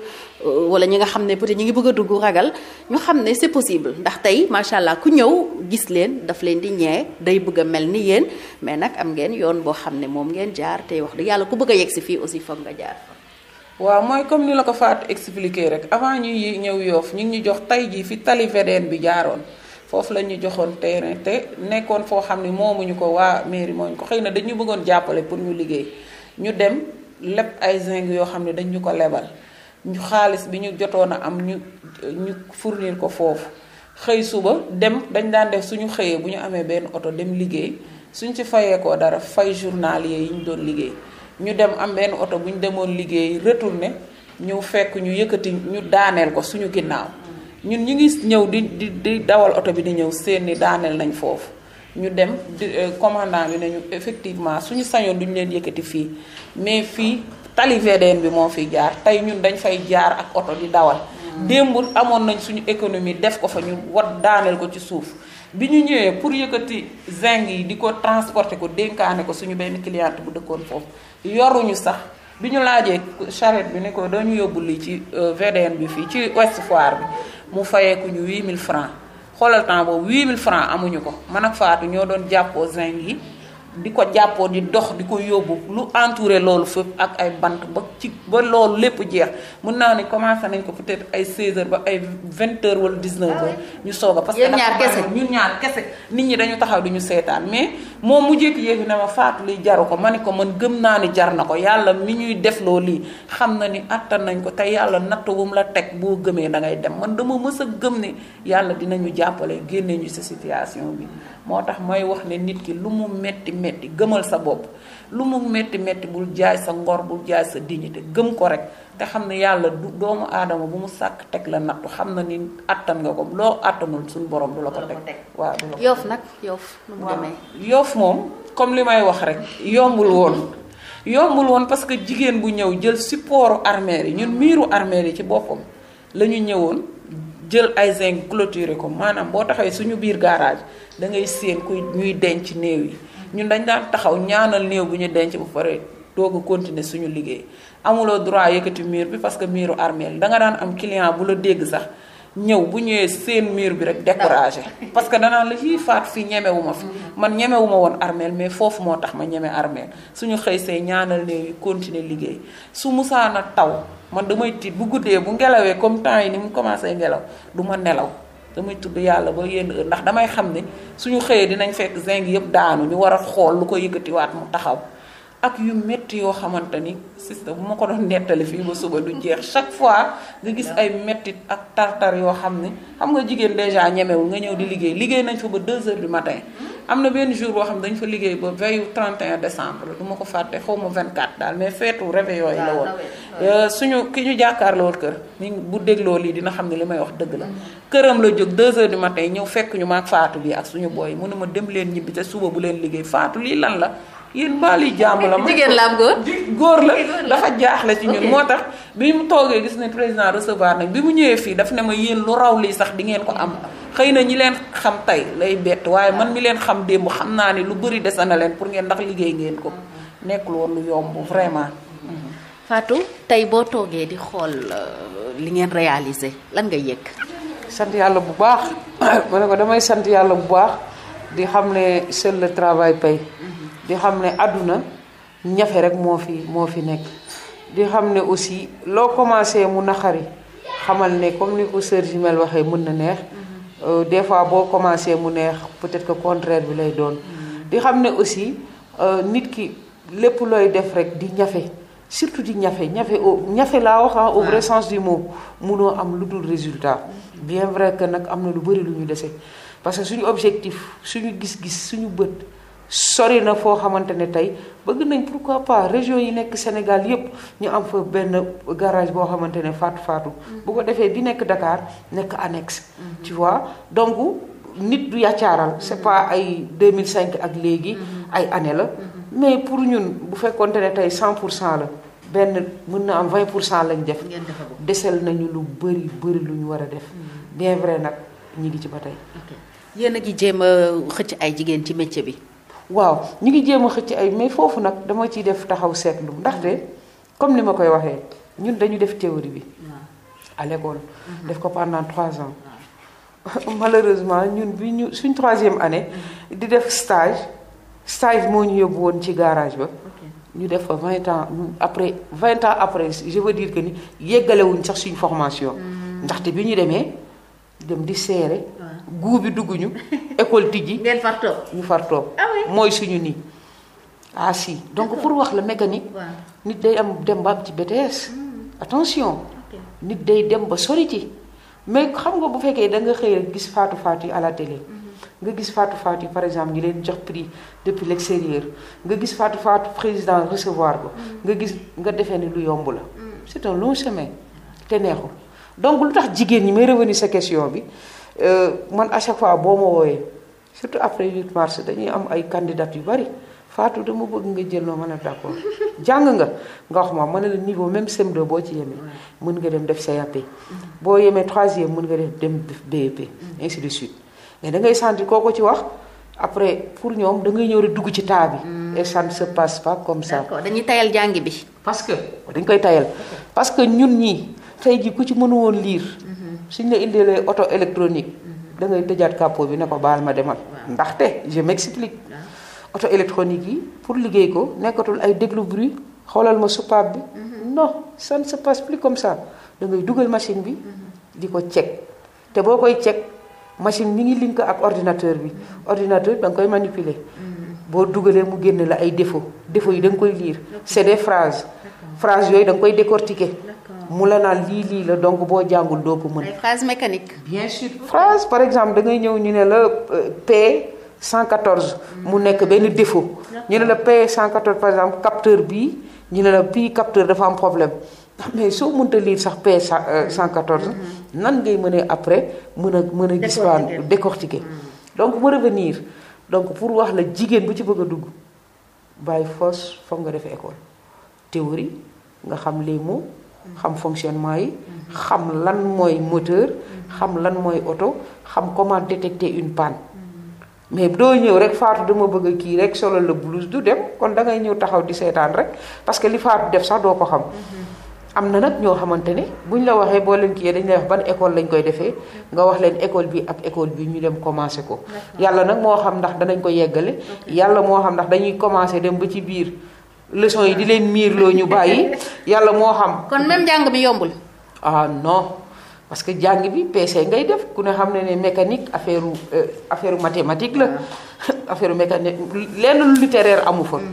euh, wala ñi nga xam ne peut-être ñi ngi bëgg a dugg ragal ñu xam ne c'est possible ndax tey macha allah ku ñëw gis leen daf leen di ñee day bëgg a mel ni yéen mais nag am ngeen yoon boo xam ne moom ngeen jaar te wax dëgg yàlla ku bëgg a yegg si fii aussi foog nga jaar. waaw mooy comme ni la ko Fatou expliquer rek avant ñuy ñëw yoof ñu ngi ñu jox tey jii fi tali VDN bi jaaroon foofu la ñu joxoon terrain te nekkoon foo xam ne moomuñu ko waa mairie mooñu ko xëy na dañu bëggoon jàppale pour ñu liggéey ñu dem lépp ay zinc yoo xam ne dañ ko lebal ñu xaalis bi ñu jotoon a am ñu ñu fournir ko foofu xëy suba dem dañ daan def suñu xëyee bu ñu amee benn oto dem liggéey suñ ci ko dara fay journalier yi ñu doon liggéey ñu dem am benn oto bu ñu demoon liggéey retourné ñëw fekk ñu yëkkati ñu daaneel ko suñu ginnaaw ñun ñu ngi ñëw di di di dawal oto bi di ñëw seen ni daaneel nañ foofu. ñu dem di euh, commandant bi nañu effectivement suñu sañoon duñu leen yëkkati fii mais fii tali VDN bi moo fiy jaar tey ñun dañ fay jaar ak oto di dawal. Mm. démb amoon nañ suñu économie def ko fa ñu wat daaneel ko ci suuf. bi ñu ñëwee pour yëkkati zinc yi di ko transporter ko dénkaane ko suñu benn cliente bu dëkkoon foofu yoruñu sax bi ñu laajee charrette bi ne ko dañu yóbbu lii ci euh, VDN bi fii ci Ouest Foire bi mu fayeeku ñu 8000 francs xoolal temps boobu 8000 francs amuñu ko man ak Fatou ñoo doon jàppoo zinc yi di ko jàppoo di dox di ko yóbbu lu entouré loolu fépp ak ay bant ba ci ba loolu lépp jeex mun naa ne commencé nañ ko peut ay 16h ba ay 20h wala 19h ñu soog a. parce que ñun ñaar ñun ñaar kese nit ñi dañu taxaw di ñu seetaan mais moom mu jékki yéegi ma faatu jaru ko ma ne ko man gëm naa ni jar na ko yàlla mi ñuy def loo lii xam na ni attan nañ ko te yàlla natt bu la teg boo gëmee da ngay dem man dama mës a gëm ne yàlla dinañu jàppale génne ñu sa situation bi. moo tax mooy wax ne nit ki lu mu metti metti gëmal sa bopp lu mu metti metti bul jaay sa ngor bul jaay sa dignité gëm ko rek te xam ne yàlla du doomu aadama bu mu sàkk teg la nattu xam na ni attan nga ko loo attanul suñu borom du la ko teg waaw yoof nag yoof nu moom comme li may wax rek yombul woon yombul woon parce que jigéen bu ñëw jël supportu armeer yi ñun miiru armée yi ci boppam la ñu ñëwoon jël ay zinc clôturer ko maanaam boo taxawee suñu biir garage da ngay séen kuy ñuy denc néew yi ñun dañ daan taxaw ñaanal néew bu ñu denc bu pare doog a continuer suñu liggéey amuloo droit yëkkati mur bi parce que muru armeel da nga daan am client bu la dégg sax ñëw bu ñëwee seen miir bi rek découragé parce que danaa la fii faat fii ñemewuma fi mm-hmm. man ñemewuma woon armeel mais foofu moo tax ma ñeme armeel ñu xëy see ñaanal ne continuer liggéey su musaana taw man damay tiit bu guddee bu ngelawee comme temps yi ni mu commencé ngelaw du ma nelaw damay tudd yàlla ba yenn heure ndax damay xam ne suñu xëyee dinañ fekk zinc yëpp daanu ñu war a xool lu ko yëkkatiwaat mu taxaw ak yu métti yoo xamante ni système bu ma ko doon nettali fii ba suba du jeex chaque fois nga gis ay méttit ak tartar yoo xam ne xam nga jigéen dèjà ñemewul nga ñëw di liggéey liggéey nañ fa ba 2 heures du matin am na benn jour xam ne dañ fa liggéey ba veille 31 décembre du ma ko fàtte daal mais feetu réveil yooyu la woon euh, suñu ki ñu la jàkkaarloo kër ñu bu dégloo lii dina xam ne li may wax dëgg la këram la jóg 2 heures du matin ñëw fekk ñu maak faatu bi ak suñu booy mënuma dem leen ñibbi te suba bu leen liggéey faatu lii lan la yéen mbaali jàmm la. jigéen la am góor góor la dafa jaaxle ci ñun moo tax bi mu toogee gis ne président recevoir nag bi mu ñëwee fii daf ne ma yéen lu raw lii sax di ngeen ko am xëy na ñi leen xam tey lay bett waaye man mi leen xam démb xam naa ne lu bëri dese na leen pour ngeen ndax liggéey ngeen ko nekkul woon lu yomb vraiment. Fatou tey boo toogee di xool euh, li ngeen réalisé lan nga yëg. sant yàlla bu baax ma ne ko damay sant yàlla bu baax di xam ne seul le travail paye. di xam ne adduna ñafe rek moo fi moo fi nekk di xam ne aussi loo commencé mu naqari xamal ne comme ni ko sœur jumelle waxee mën na neex mm-hmm. euh, des fois boo commencé mu neex peut-être que contraire bi lay doon mm-hmm. di xam ne aussi euh, nit ki lépp looy def rek di ñafe surtout di ñafe ñafe au ñafe laa wax au vrai ah. sens du mot munoo am lu dul résultat mm-hmm. bien vrai que nag am na lu bëri lu ñu dese parce que suñu objectif suñu gis-gis suñu bët sori na foo xamante ne tey bëgg nañ pourquoi pas région yi nekk Sénégal yépp ñu am fa benn garage boo xamante ne faat faatu mm-hmm. bu ko defee bi nekk Dakar nekk annexe mm-hmm. tu vois donc nit du yàccaaral mm-hmm. c'est pas ay deux cinq ak léegi ay année la mais pour ñun bu fekkonte ne tey cent pour cent la benn mën na am 20 pour cent lañ def desel nañu lu bëri bëri lu ñu war a def bien nag ñi ngi ci ba tey yéen a jéem a xëcc ay jigéen ci métier bi waaw ñu ngi jéem a xëcc ay mais foofu nag dama ciy def taxaw seetlu ndaxte comme ni ma koy waxee ñun dañu def théorie bi à l'école mm-hmm. def ko pendant trois ans malheureusement ñun bi ñu suñ troisième année mm-hmm. di def stage stage moo ñu yóbbu woon ci garage ba ñu def fa vingt ans après vingt ans après je veux que ni yéggalewuñ sax suñu formation mm-hmm. ndaxte bi ñu demee dem di seere ah. guu bi dugg ñu école tijji. ngeen far toog ñu far toog. Ah mooy suñu nii. ah si donc pour wax la mécanique. nit day am dem ba am ci BTS. Hmm. attention nit day dem ba sori ci. mais xam nga bu fekkee da nga xëy gis Fatou Fatou yi à la télé. Hmm. nga gis Fatou Fatou yi par exemple ñu leen jox prix depuis l'extérieur nga gis faatu Fatou président recevoir ko. Hmm. nga gis nga defee ni lu yomb la. c'est un long chemin te neexul donc lu tax jigéen ñi may revenir sa question bi. Euh, man à chaque fois boo ma wooyee surtout après 8 mars dañuy am ay candidat yu bari Fatou dama bëgg nga jël noo mën a d'accord jàng nga nga wax ma mën na la niveau même CM2 boo ci yemee mën nga dem def CAP boo yemee troisième mën nga def dem def BEP ainsi de suite mais da ngay sentir koo ko ci wax après pour ñoom da ngay ñëw rek dugg ci taa bi. Hmm. et ça ne se pas comme ça. dañuy tayal jàng bi. parce que dañ koy tayal parce que ñun ñii tey jii ku ci mënu woon lire. Hmm. suñ la indilee auto électronique mhm. dangay ngay tëjaat capot bi ne ko baal ma demal ndaxte je m'explique auto électronique yi pour liggéey ko nekkatul ay déglu bruit xoolal ma soupape bi mhm. no ça ne se passe plus comme ça da ngay dugal machine bi mhm. di ko cek te boo koy cek machine mi ngi link ak ordinateur bi ordinateur bi da nga koy manipuler boo dugalee mu génn la ay défo défaut yi da koy lire c'est des phrases phrases yooyu da nga koy décortiquer mu la naan lii lii la donc boo jàngul doo ko mën. ay phrase mécanique. bien sûr phrase par exemple dangay ñëw ñu ne la euh, P 114. mu nekk benn défaut. ñu ne la P 114 par exemple capteur bii ñu ne la bii capteur dafa am problème. Ah, mais soo mënta lire sax P 114 euh, nan ngay mënee après mën a mën a gis waan décortiquer donc mu revenir donc pour wax la jigéen bu ci bëgg a dugg bàyyi force foog nga def école théorie nga xam les xam fonctionnement yi xam lan mooy moteur xam lan mooy oto xam comment détecter une panne mais doo ñëw rek faatu dama bëgg a kii rek solo la blouse du dem kon da ngay ñëw taxaw di seetaan rek parce que li faatu def sax doo ko xam am na nag ñoo xamante ne bu ñu la waxee boo leen kii dañ lay wax ban école lañ koy defee nga wax leen école bi ak école bi ñu dem commencé ko yàlla nag moo xam ndax danañ ko yeggale yàlla moo xam ndax dañuy commencé dem ba ci biir leçon yi di leen miirloo ñu bàyyi yàlla moo xam. kon même jàng bi yombul. ah non parce que jàng bi PC ngay def ku ne xam ne ne mécanique affaire euh, affaire mathématique la affaire mécanique lenn lu littéraire amu fa. Mm.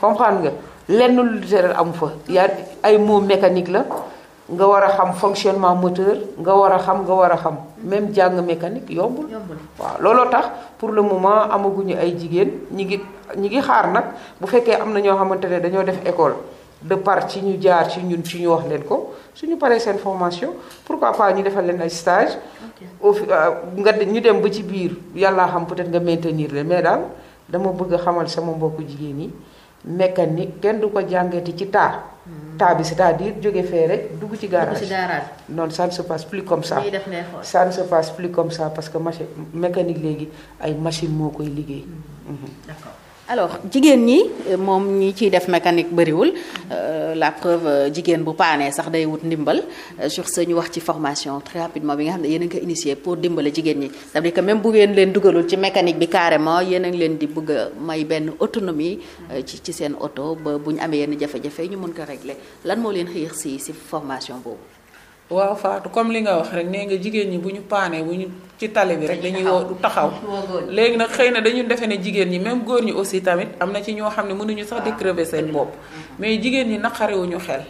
comprendre nga lenn lu littéraire amu fa yaa ay mots mécanique la. nga war a xam fonctionnement moteur nga war a xam nga war a xam même jàng mécanique yombul waaw looloo tax pour le moment amaguñu ay jigéen ñi ngi ñi ngi xaar nag bu fekkee am na ñoo xamante ne dañoo def école de part ci ñu jaar ci ñun ci ñu wax leen ko suñu paree seen formation pour pourquoi pas ñu defal leen ay stage au euh, nga ñu dem ba ci biir yàllaa xam peut-être nga maintenir leen mais daal dama bëgg xamal sama mbokku jigéen yi mécanique kenn du ko jàngeeti ci taa. Hmm. taa bi c'est-à-dire jóge fee rek dugg ci garage. dugg ci garage non ça ne se passe plus comme ça. ça plus comme ça parce que machine mécanique léegi ay machine moo koy liggéey. Hmm. Hmm. alors jigéen ñi moom ñi ciy def mécanique bëriwul euh, la preuve euh, jigéen bu paanee sax day wut ndimbal euh, sur ce ñu wax ci formation très rapidement bi nga xam ne yéen a ko initié pour dimbale jigéen ñi cest à que même bu ngeen leen dugalul ci mécanique bi carrément yéen a leen di bëgg may benn autonomie ci ci seen auto ba bu ñu amee yenn jafe-jafe ñu mën ko régler lan moo leen xiir si si formation boobu waaw faatu comme li nga wax rek nee nga jigéen ñi bu ñu paanee bu ñu ci tali bi rek dañuy woo du taxaw léegi nag xëy na dañu defe ne jigéen ñi même góor ñi aussi tamit am na ci ñoo xam ne mënuñu sax di ah, seen bopp mm-hmm. mais jigéen ñi naqarewuñu xel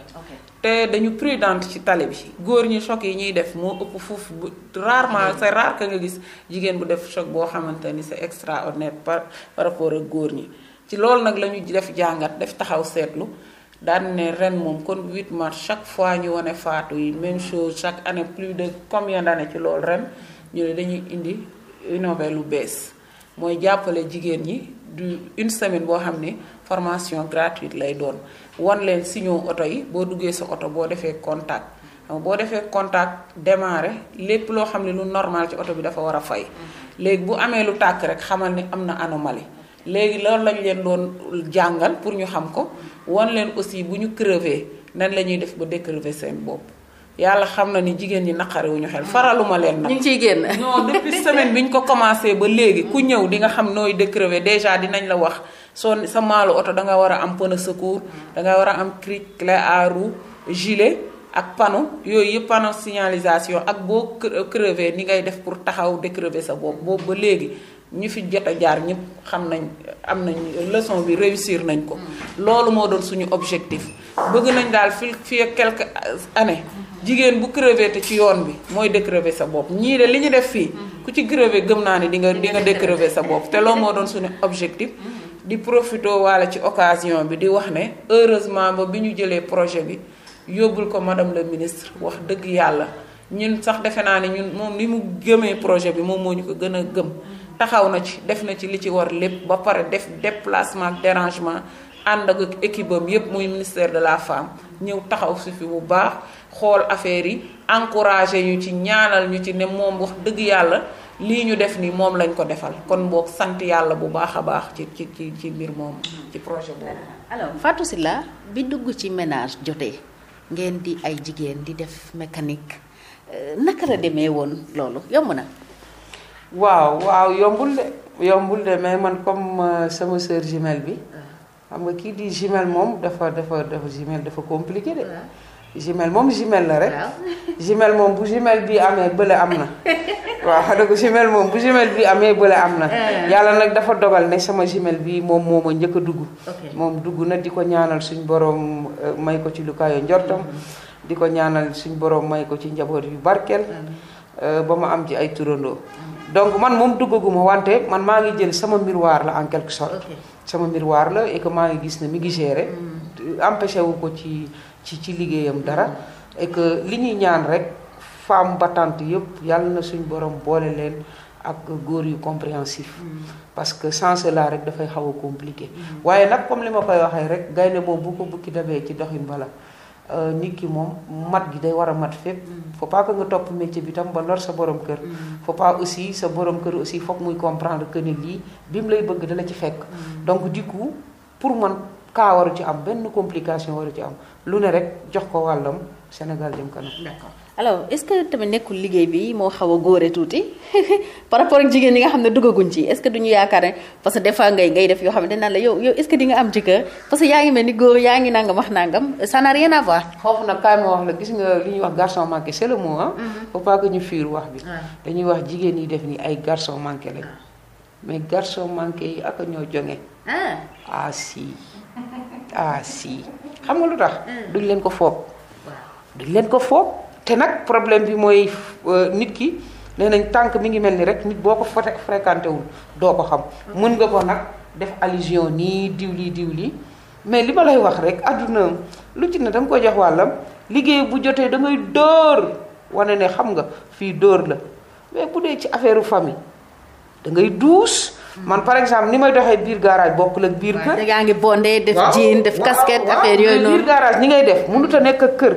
te dañu prudente ci tali bi góor ñi choc yi ñuy def moo ëpp foofu bu rarement c'est rare que nga gis jigéen bu def choc boo xamante ni extra extraordinaire par par rapport ak góor ñi ci loolu nag la ñu def jàngat def taxaw seetlu daan ne ren moom kon 8 mars chaque fois ñu wane faatu yi main chose chaque année plus de combien d'années ci loolu ren ñu ne dañuy indi innové lu bees mooy jàppale jigéen ñi du une semaine boo xam ni formation gratuite lay doon wan leen signaux oto yi boo duggee sa oto boo defee contact xam boo defee contact démarré lépp loo xam ne lu normal ci oto bi dafa war a fay mm-hmm. léegi bu amee lu tàkk rek xamal ni am na anomalie léegi loolu lañ leen doon jàngal pour ñu xam ko wan leen aussi bu ñu crever nan la ñuy def ba décrever seen bopp yàlla xam na ni jigéen ñi naqare wu ñu xel faraluma leen nag. ñu ngi ciy génn. non depuis semaine bi ñu ko commencé ba léegi ku ñëw di nga xam nooy décrever déjà dinañ la wax so sa maalu oto da nga war a am pneu secours da nga war a am cric clé à roue ak pano yooyu yëpp panneau signalisation ak boo crevé ni ngay def pour taxaw décrevé sa bopp boobu ba léegi ñu fi jot a jaar ñëpp xam nañ am nañ leçon bi réussir nañ ko. Mm. loolu moo doon suñu objectif bëgg nañ daal fi fii ak quelques euh, années. Mm-hmm. jigéen bu crevé te ci yoon bi mooy décrevé sa bopp ñii de li ñu def fii. Mm-hmm. ku ci crevé gëm naa ni di nga di nga sa bopp te loolu moo doon suñu objectif. Mm-hmm. di profité waale ci occasion bi di wax ne heureusement ba bi ñu jëlee projet bi. yóbbul ko madame le ministre wax dëgg yàlla ñun sax defe naa ne ñun moom li mu gëmee projet bi moom moo ñu ko gën a gëm taxaw na ci def na ci li ci war lépp ba pare def déplacement dérangement ànd ak équipe am yépp muy ministère de la femme ñëw taxaw si fi bu baax xool affaire yi encouragé ñu ci ñaanal ñu ci ne moom wax dëgg yàlla lii ñu def nii moom lañ ko defal kon boog sant yàlla bu baax a baax ci ci ci ci mbir moom ci projet boobu. alors Fatou Sylla bi dugg ci ménage jotee. ngeen di ay jigéen di def mécanique euh, naka la demee woon loolu yomb na. waaw waaw yombul de yombul de mais man comme euh, sama sœur jumelle bi. xam nga kii di jumelle moom dafa dafa dafa jumelle dafa compliqué de. jumelle moom jumelle la rek. jumelle moom bu jumelle bi amee bële am na. waaw xam nga moom bu amee bële am na. Ah. yàlla nag dafa dogal ne sama jumelle bi moom moom a njëkk a dugg. moom dugg na di ko ñaanal suñ boroom euh, may ko ci lu kaayoo mm-hmm. di ko ñaanal suñ borom may ko ci njaboot yu barkeel. Mm-hmm. Euh, ba ma am ci ay turandoo. Mm-hmm. donc man moom duggaguma wante man maa ngi jël sama miroir la en quelque sorte. sama miroir la et maa ngi gis ne mi gisee géré. empêché ko ci. ci ci liggéeyam dara et que li ñuy ñaan rek femme battante yëpp yàlla na suñ borom boole leen ak góor yu compréhensif mm. parce que sans cela rek dafay xaw a compliqué mm. waaye nag comme li ma koy waxee rek gaynde moom bu ko bukki dabee ci doxin bala euh, nit ki moom mat gi day war a mat fépp mm. faut pas nga topp métier bi tam ba lor sa borom kër faut pas aussi sa borom kër aussi foog muy comprendre que ni lii bi mu lay bëgg dala ci fekk donc di coup pour man kaa ci am benn complication waru ci am lu ne rek jox ko wàllam Sénégal jëm kanam. d'accord alors est-ce que tamit nekkul liggéey bi moo xaw a góore tuuti par rapport ak jigéen ñi nga xam ne duggaguñ ci est-ce que duñu yaakaar ne parce que des fois ngay ngay def yoo xam ne dañ naan la yow yow est nga am jëkkër parce que yaa ngi mel n'a rien à voir. foofu nag kaay nga li ñuy wax garçon manqué c'est le mot ah. faut pas que ñu fiir wax bi. dañuy wax jigéen yi def nii ay garçon manqué lañ. mais garçon manqué yi ak ñoo jonge. ah, ah si ah si. xam nga lu tax. Mm. duñ leen ko foofu duñ leen ko foog te nag problème bi mooy euh, nit ki nee nañ tànk mi ngi mel ni rek nit boo ko fréquenté wul doo ko xam. mën mm. nga ko nag def allusion nii diwli diwli mais li ma lay wax rek àdduna lu ci ne danga koy jox wàllam liggéey bu jotee da ngay dóor wane ne xam nga fii dóor la mais bu dee ci affaire famille dangay ngay duus. man par exemple ni may doxee biir garage bokkul ak biir kër. yaa ngi bondé def jean def casquette affaire yooyu noonu. biir garage ni ngay def mënut a nekk ak kër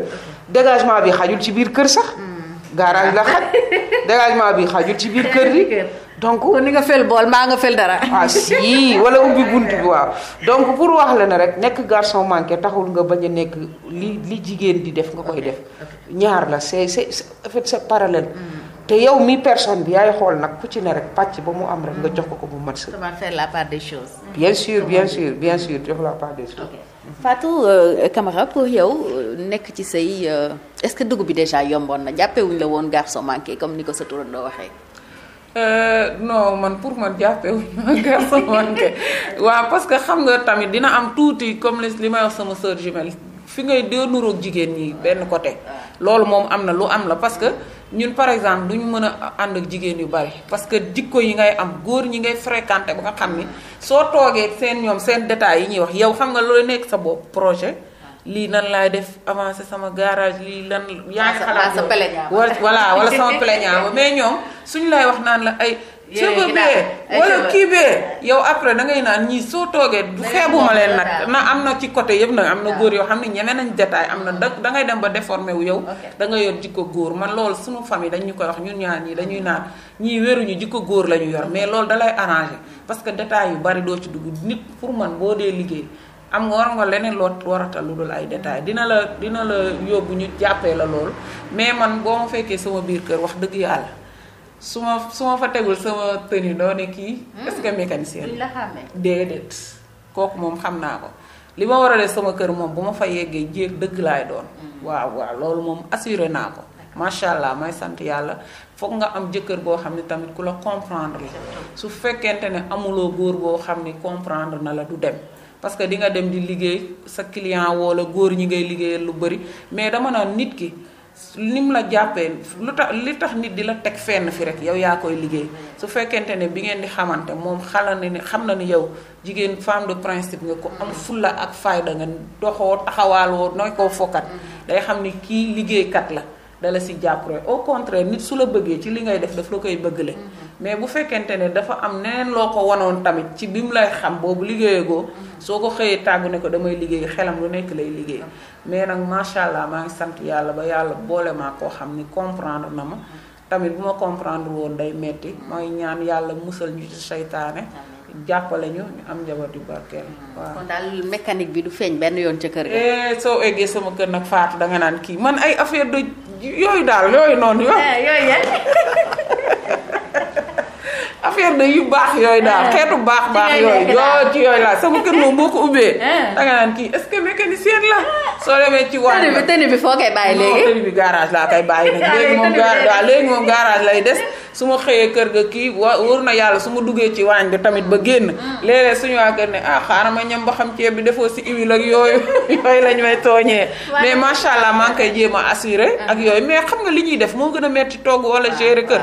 dégagement bi xajul ci biir kër sax. Hmm. garage la xaj dégagement bi xajul ci biir kër gi. donc ni nga fel bool maa nga fel dara. ah si wala ubbi bunt bi waaw donc pour wax la ne rek nekk garson manqué taxul nga bañ a nekk li li jigéen di def nga koy def ñaar la c'est c'est en fait te yow mi personne bi yaay xool nag ku ci ne rek pàcc ba mu am rek nga jox ko ko mu mat sëkk. la part des choses. bien sûr bien sûr bien sûr jox la part des choses. Fatou euh, Camara pour yow euh, nekk ci say euh, est-ce que dugg bi déjà yomboon na jàppewuñ la woon garçon manqué comme ni ko sa turandoo waxee. non man pour man jàppewuñ ma garçon manqué waaw parce que xam nga tamit dina am tuuti comme li may wax sama sœur jumelle fi ngay dee nuroog jigéen ñi benn côté. Ah. loolu moom am na lu am la parce que ñun par exemple ñu mën a ànd ak jigéen yu bari parce que jikko yi ngay am góor ñi ngay fréquenté ba nga xam ni soo toogee seen ñoom seen détails yi ñuy wax yow xam nga loolu nekk sa bopp projet. Ah. lii nan laay def avancé sama garage lii lan. yaa ngi xalaat sa wala wala sama plaignant mais ñoom suñu lay wax naan la ay. cheveux bee wala kii bee yow après da ngay naan ñii soo toogee du xeebuma leen nag na am na ci côté yëpp nag am na góor yoo xam ne ñeme nañ détail am na mm. da da ngay dem ba déformé wu yow da nga yor jikko góor man loolu suñu famille dañu ñu koy wax ñun ñaar ñii dañuy naan ñii wéruñu jikko góor la ñu yor mais loolu dalay arrangé parce que détail yu bari doo ci dugg nit pour man boo dee liggéey am nga war nga leneen lool waratal lu dul ay détail dina la dina la yóbbu ñu jàppee la loolu mais man boo ma fekkee sama biir kër wax dëgg yàlla su ma su ma fa tegul sama tenue doo kii. Hmm. est-ce que mécanicien la déedéet kooku moom xam naa ko li ma war a def sama kër moom bu ma fa yeggee jéeg dëkk laay doon. Hmm. waaw waaw loolu moom assuré naa ko. macha allah may sant yàlla foog nga am jëkkër boo xam ne tamit ku la comprendre la. su fekkente ne amuloo góor goo xam ni comprendre na la du dem. parce que di nga dem di liggéey sa client woo la góor ñi ngay liggéeyal lu bëri mais dama naan nit ki. ni la jàppee lu tax li tax nit di la teg fenn fi rek yow yaa koy liggéey su fekkente ne bi ngeen di xamante moom xala na ni xam na ni yow jigéen femme de principe nga ko am fulla ak fayda nga doxoo taxawaaloo nooy koo fokkat day xam ni kii liggéeykat la dala si jàppale au contraire nit su la bëggee ci li ngay def daf la koy bëggale mais bu fekkente ne dafa am neneen loo ko wanoon tamit ci bi mu lay xam boobu liggéeyagoo soo ko xëyee tàggu ne ko damay liggéey xelam lu nekk lay liggéey mais nag macha allah maa ngi sant yàlla ba yàlla boole maa koo xam ni comprendre na ma tamit bu ma comprendre woon day metti mooy ñaan yàlla musal ñu ci seytaane jàppale ñu ñu am njaboot yu barkeel waaw kon daal mécanique bi du feeñ benn yoon ca kër ga eh, soo eggee sama kër nag faatu da nga naan kii man ay affaire de yooyu daal yooyu noonu yooyu eh, affaire de yu baax yooyu daal eh. xeetu baax baax yooyu yoo ci yooyu laa sama kër moom boo ko ubbee eh. da nga naan kii est-ce que la ah. soo demee ci wàll bi bi foo koy bàyyi léegi bi garage bàyyi nag ah, léegi moom garage waaw lay des su ma xëyee kër ga kii wa wóor na yàlla su ma duggee ci waañ bi tamit ba génn ah. léeg suñu waa kër ne ah ma ñam ba xam ceeb bi defoo si huile ak yooyu yooyu lañ may tooñee mais macha allah maa ngi koy jéem a ak yooyu mais xam nga li ñuy def moo gën a metti togg wala gérer kër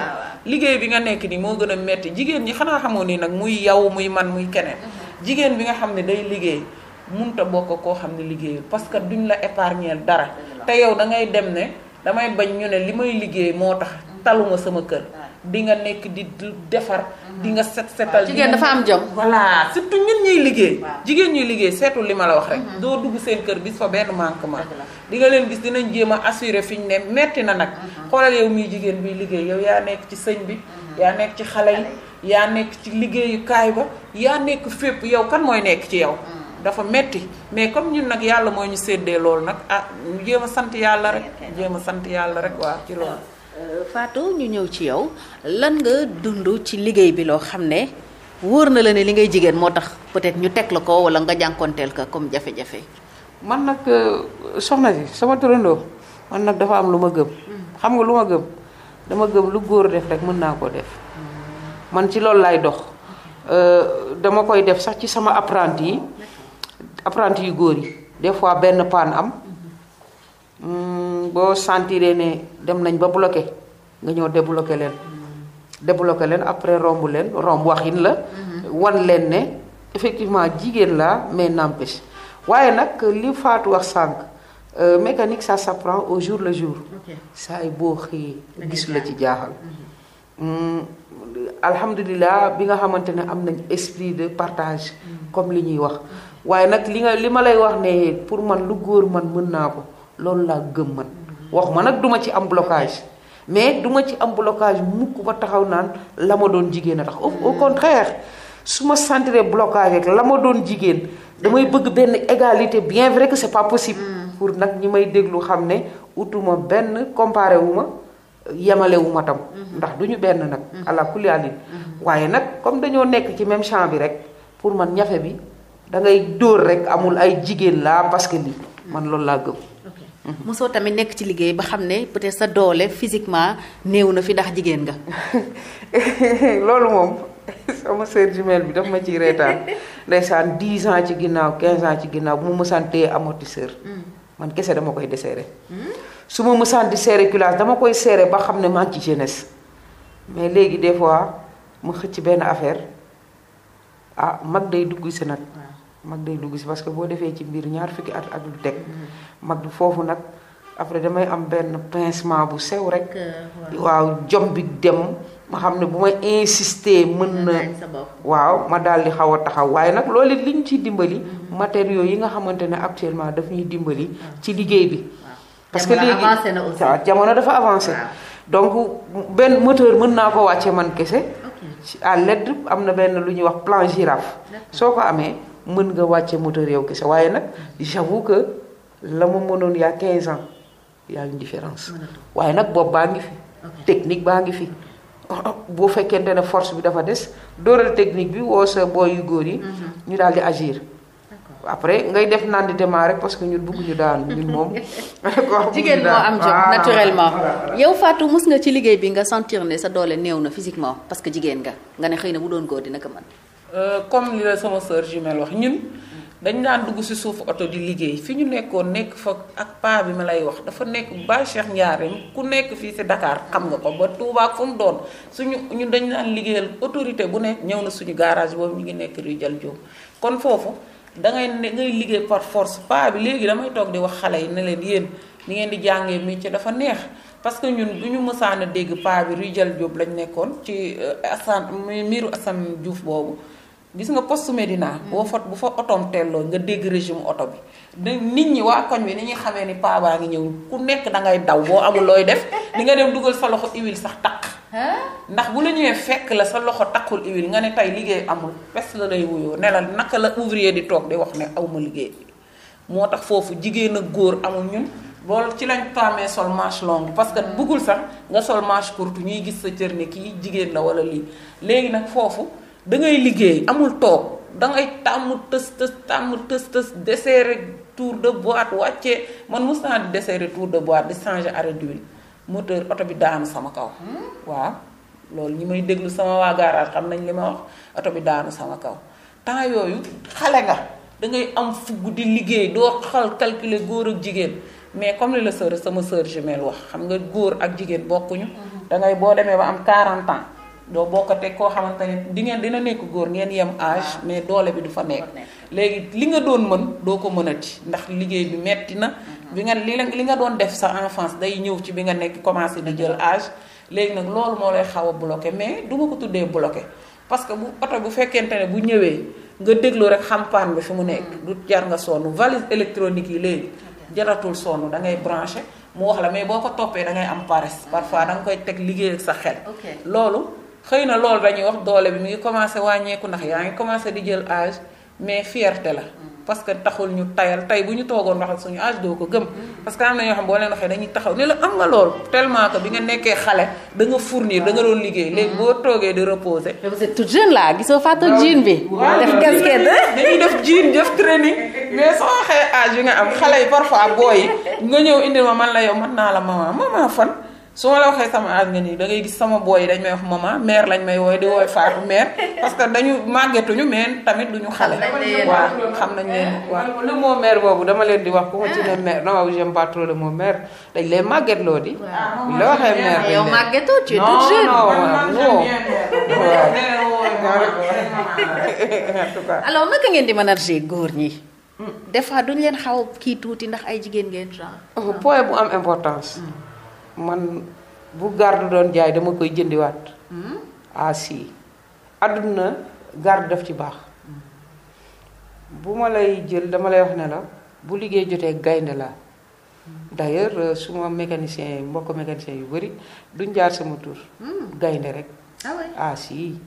liggéey bi nga nekk ni moo gën a metti jigéen ñi xanaa xamoon ni nag muy yow muy man muy keneen uh-huh. jigéen bi nga xam ne day liggéey munta bokk koo xam ne liggéeyul parce que duñ la épargner dara te yow da ngay dem ne damay bañ ñu ne li may liggéey moo tax uh-huh. taluma sama kër di nga nekk di defar. Mhm. di nga set setal jigéen dafa am jom. voilà si ñun ñuy liggéey. jigéen ñuy liggéey seetul li ma la wax rek. Mhm. doo dugg seen kër gis fa benn manquement. di nga leen gis dinañ jéem a assuré fi ñu ne metti na nag. Mhm. xoolal yow miy jigéen biy liggéey yow yaa nekk ci sëñ bi. yaa nekk ci xale yi yaa nekk ci liggéeyukaay ba yaa nekk fépp yow kan mooy nekk ci yow. dafa metti mais comme ñun nag yàlla moo ñu séddee loolu nag ah jéem a sant yàlla rek. jéem a sant yàlla rek waa ci loolu. Fatou ñu ñëw ci yow lan nga dundu ci liggéey bi loo xam ne wóor na la ne li ngay jigéen moo tax peut-être ñu teg la ko walla nga jànkoonteel ko comme jafe-jafe. man nag euh, soxna si sama turandoo man nag dafa am lu ma gëm. Hmm. xam nga lu ma gëm dama gëm lu góor def rek mën naa koo def man ci loolu laay dox hmm. euh, dama koy def sax ci sama apprenti yi apprenti yu góor yi des fois benn paan am. Hmm. boo sentiree ne dem nañ ba bloqué nga ñëw débloqué leen débloqué leen après romb leen romb waxin la mhm. wan leen ne effectivement jigéen la mais n'empêche waaye nag li faatu wax sànq euh, mécanique ça s'apprend au jour le jour saay boo xëyee gis la ci jaaxal mhm. mm, alhamdulilah bi nga xamante ne am nañ esprit de partage mhm. comme li ñuy wax waaye nag li nga li ma lay wax ne pour man lu góor man mën naa ko loolu laa gëm man wax ma nag duma ci am blocage mais duma ci am blocage mukk ba taxaw naan la ma doon jigéen a tax au contraire su ma sentiree blocage rek la ma doon jigéen damay bëgg benn égalité bien vrai que c'est pas possible mm. pour nag ñi may déglu xam ne utuma benn comparé wu ma yemale ma tam mm-hmm. ndax du ñu benn nag àla mm-hmm. kulli mm-hmm. waaye nag comme dañoo nekk ci même champ bi rek pour man ñafe bi da ngay dóor rek amul ay jigéen laa parce que lii mm. man loolu laa gëm mosoo tamit nekk ci liggéey ba xam ne peut-être sa doole physiquement néew na fi ndax jigéen nga. loolu moom sama sœur jumelle bi daf ma ciy reetaan ndeysaan 10 ans ci ginnaaw 15 ans ci ginnaaw bu ma mësaan téye amortisseur. Mm. man kese dama koy desserré. Mm. su ma mësaan di serré dama koy serré ba xam ne man ci jeunesse. mais léegi des fois ma xëcc benn affaire ah mag day dugg si nag. mag day dugg si parce que boo defee ci mbir ñaar fukki at ak lu teg mag foofu nag après damay am benn pincement bu sew rek waaw jom bi dem ma xam ne bu ma insister mën na waaw ma daal di xaw a taxaw waaye nag loolu li ñu ciy dimbali mm-hmm. matériaux yi nga xamante ne actuellement daf ñuy dimbali ah. ci liggéey bi parce que léegi waaw jamono dafa avancer donc benn moteur mën naa ko wàcce man kese à l'aide am na benn lu ñuy wax plan girafe soo ko amee mën nga wàcce moteur yow kese waaye nag j'avoue que la ma mënoon y a 15 ans yaa a différence waaye nag bopp baa ngi fi technique baa ngi fi boo fekkente ne force bi dafa des dóoral technique bi woo sa booy yu góor yi mhm. ñu daal di agir après ngay def naan di démarrer parce que ñun ñu daan ñun moom. jigéen moo am jom naturellement. yow Fatou mus nga ci liggéey bi nga sentir ne sa doole néew na physiquement parce que jigéen nga nga ne xëy na bu doon góor dina ko mën. Euh, comme li la sama sœur jumelle wax ñun dañu daan dugg ci suuf oto di liggéey fi ñu nekkoon nekk fa ak paa bi ma lay wax dafa nekk ba Cheikh Ndiarème ku nekk fii si Dakar xam nga ko ba Touba fu mu doon suñu ñun dañu daan liggéeyal autorité bu nekk ñëw na suñu garage boobu ñu ngi nekk Rue Dial Diop kon foofu da ngay ne ngay liggéey par force paa bi léegi damay toog di wax xale yi ne leen yéen ni ngeen di jàngee ci dafa neex parce que ñun du ñu mësaa a dégg paa bi Rue Dial Diop lañ nekkoon ci euh, Assane miiru Assane Diouf boobu gis nga poste Médina boo fa bu fa otoom teelloo nga dégg régime oto bi da nit ñi waa koñ bi ni ñuy xamee ni paa baa ngi ñëw ku nekk da ngay daw boo amul looy def di nga dem dugal sa loxo huile sax takk ndax bu la ñëwee fekk la sa loxo takkul huile nga ne tey liggéey amul pes la lay wuyoo ne la naka la ouvrier di toog di wax ne aw ma liggéey moo tax foofu jigéen a góor amul ñun loolu ci lañ taamee sol manche longue parce que bëggul sax nga sol manche courte ñuy gis sa cër ne kii jigéen la wala lii léegi nag foofu da ngay liggéey amul toog da ngay tàmm tës tës tàmm tës tës desserre tour de boîte wàccee man mu naa di tour de boîte di changer arrêt d'huile moteur oto bi daanu sama kaw. waaw loolu ñi may déglu sama waa xam nañ li ma wax oto bi daanu sama kaw temps yooyu xale nga dangay am fugg di liggéey doo xal calculer góor ak jigéen mais comme li la sœur sama sœur jumelle wax xam nga góor ak jigéen bokkuñu. Mm-hmm. da ngay boo demee ba am 40 ans. doo ko teg koo xamante ne di ngeen dina nekk góor ngeen yem âge ah. mais doole bi du fa nekk léegi li nga doon mën doo ko mënati ndax liggéey bi metti na mm-hmm. bi nga li li nga doon def sa enfance day ñëw ci bi nga nekk commencé di jël âge léegi nag loolu moo lay xaw a bloqué mais du ma ko tuddee bloqué parce que bu oto bu fekkente ne bu ñëwee nga déglu rek xam paan bi fi mu nekk mm-hmm. du jar nga sonn valise électronique yi léegi jaratul sonn da ngay branché mu wax la mais boo ko toppee da ngay am paresse ah. parfois da nga koy teg liggéey ak sa xel loolu xëy na loolu dañuy wax doole bi mi ngi commencé wàññeeku ndax yaa ngi commencé di jël âge mais fierté la. parce que taxul ñu tayal tey bu ñu toogoon waxal suñu âge doo ko gëm. parce que am na ñoo xam boo leen waxee dañuy taxaw ne la am nga loolu tellement que bi nga nekkee xale danga nga fournir da doon liggéey léegi boo toogee di reposer. mais vous êtes toute jeune là gisoo fàttali jean bi. def casquette def jean def training mais soo waxee âge yi nga am xale yi parfois booy yi nga ñëw indi ma man la yow man naa la maman maman fan. su ma la waxee sama âge nga nii da ngay gis sama booy yi dañ may wax maman mère lañ may wooy di wooy faatu mère parce que dañu màggetuñu mais tamit duñu xale. waaw xam nañ leen waaw. le mot mère boobu dama leen di wax ku ma ci ne mère non j'aime pas trop le mot mère dañ lay màggetloo di. waaw la waxee mère dañ yow màggetoo tu es toute jeune. non non en tout cas. alors naka ngeen di manager góor ñi. des fois duñ leen xaw kii tuuti ndax ay jigéen ngeen genre. point bu am importance. man bu garde doon jaay dama koy jëndiwaat. Hmm? ah àdduna garde daf ci baax. Hmm. bu ma lay jël dama lay wax ne la bu liggéey jotee gaynde la hmm. d'ailleurs euh, suma mécanicien mbokk mécanicien yu bëri duñ jaar sama tur. gaynde rek. ah si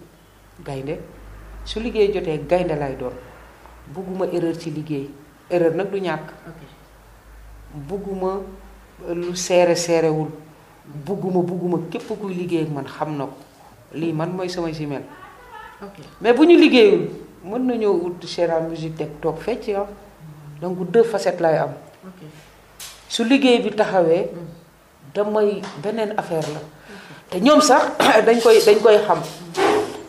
gaynde su liggéey jotee gaynde lay doon bugguma erreur ci liggéey erreur nag du ñàkk. bugguma lu seere seerewul bugguma bugguma képp kuy liggéey ak man xam na ko lii man mooy sama jumelle mais bu ñu liggéeyul mën nañoo ut Cheira Musique teg toog fecc yow ah. donc deux facettes lay am su liggéey bi taxawee mm. damay beneen affaire la te ñoom sax dañ koy dañ koy xam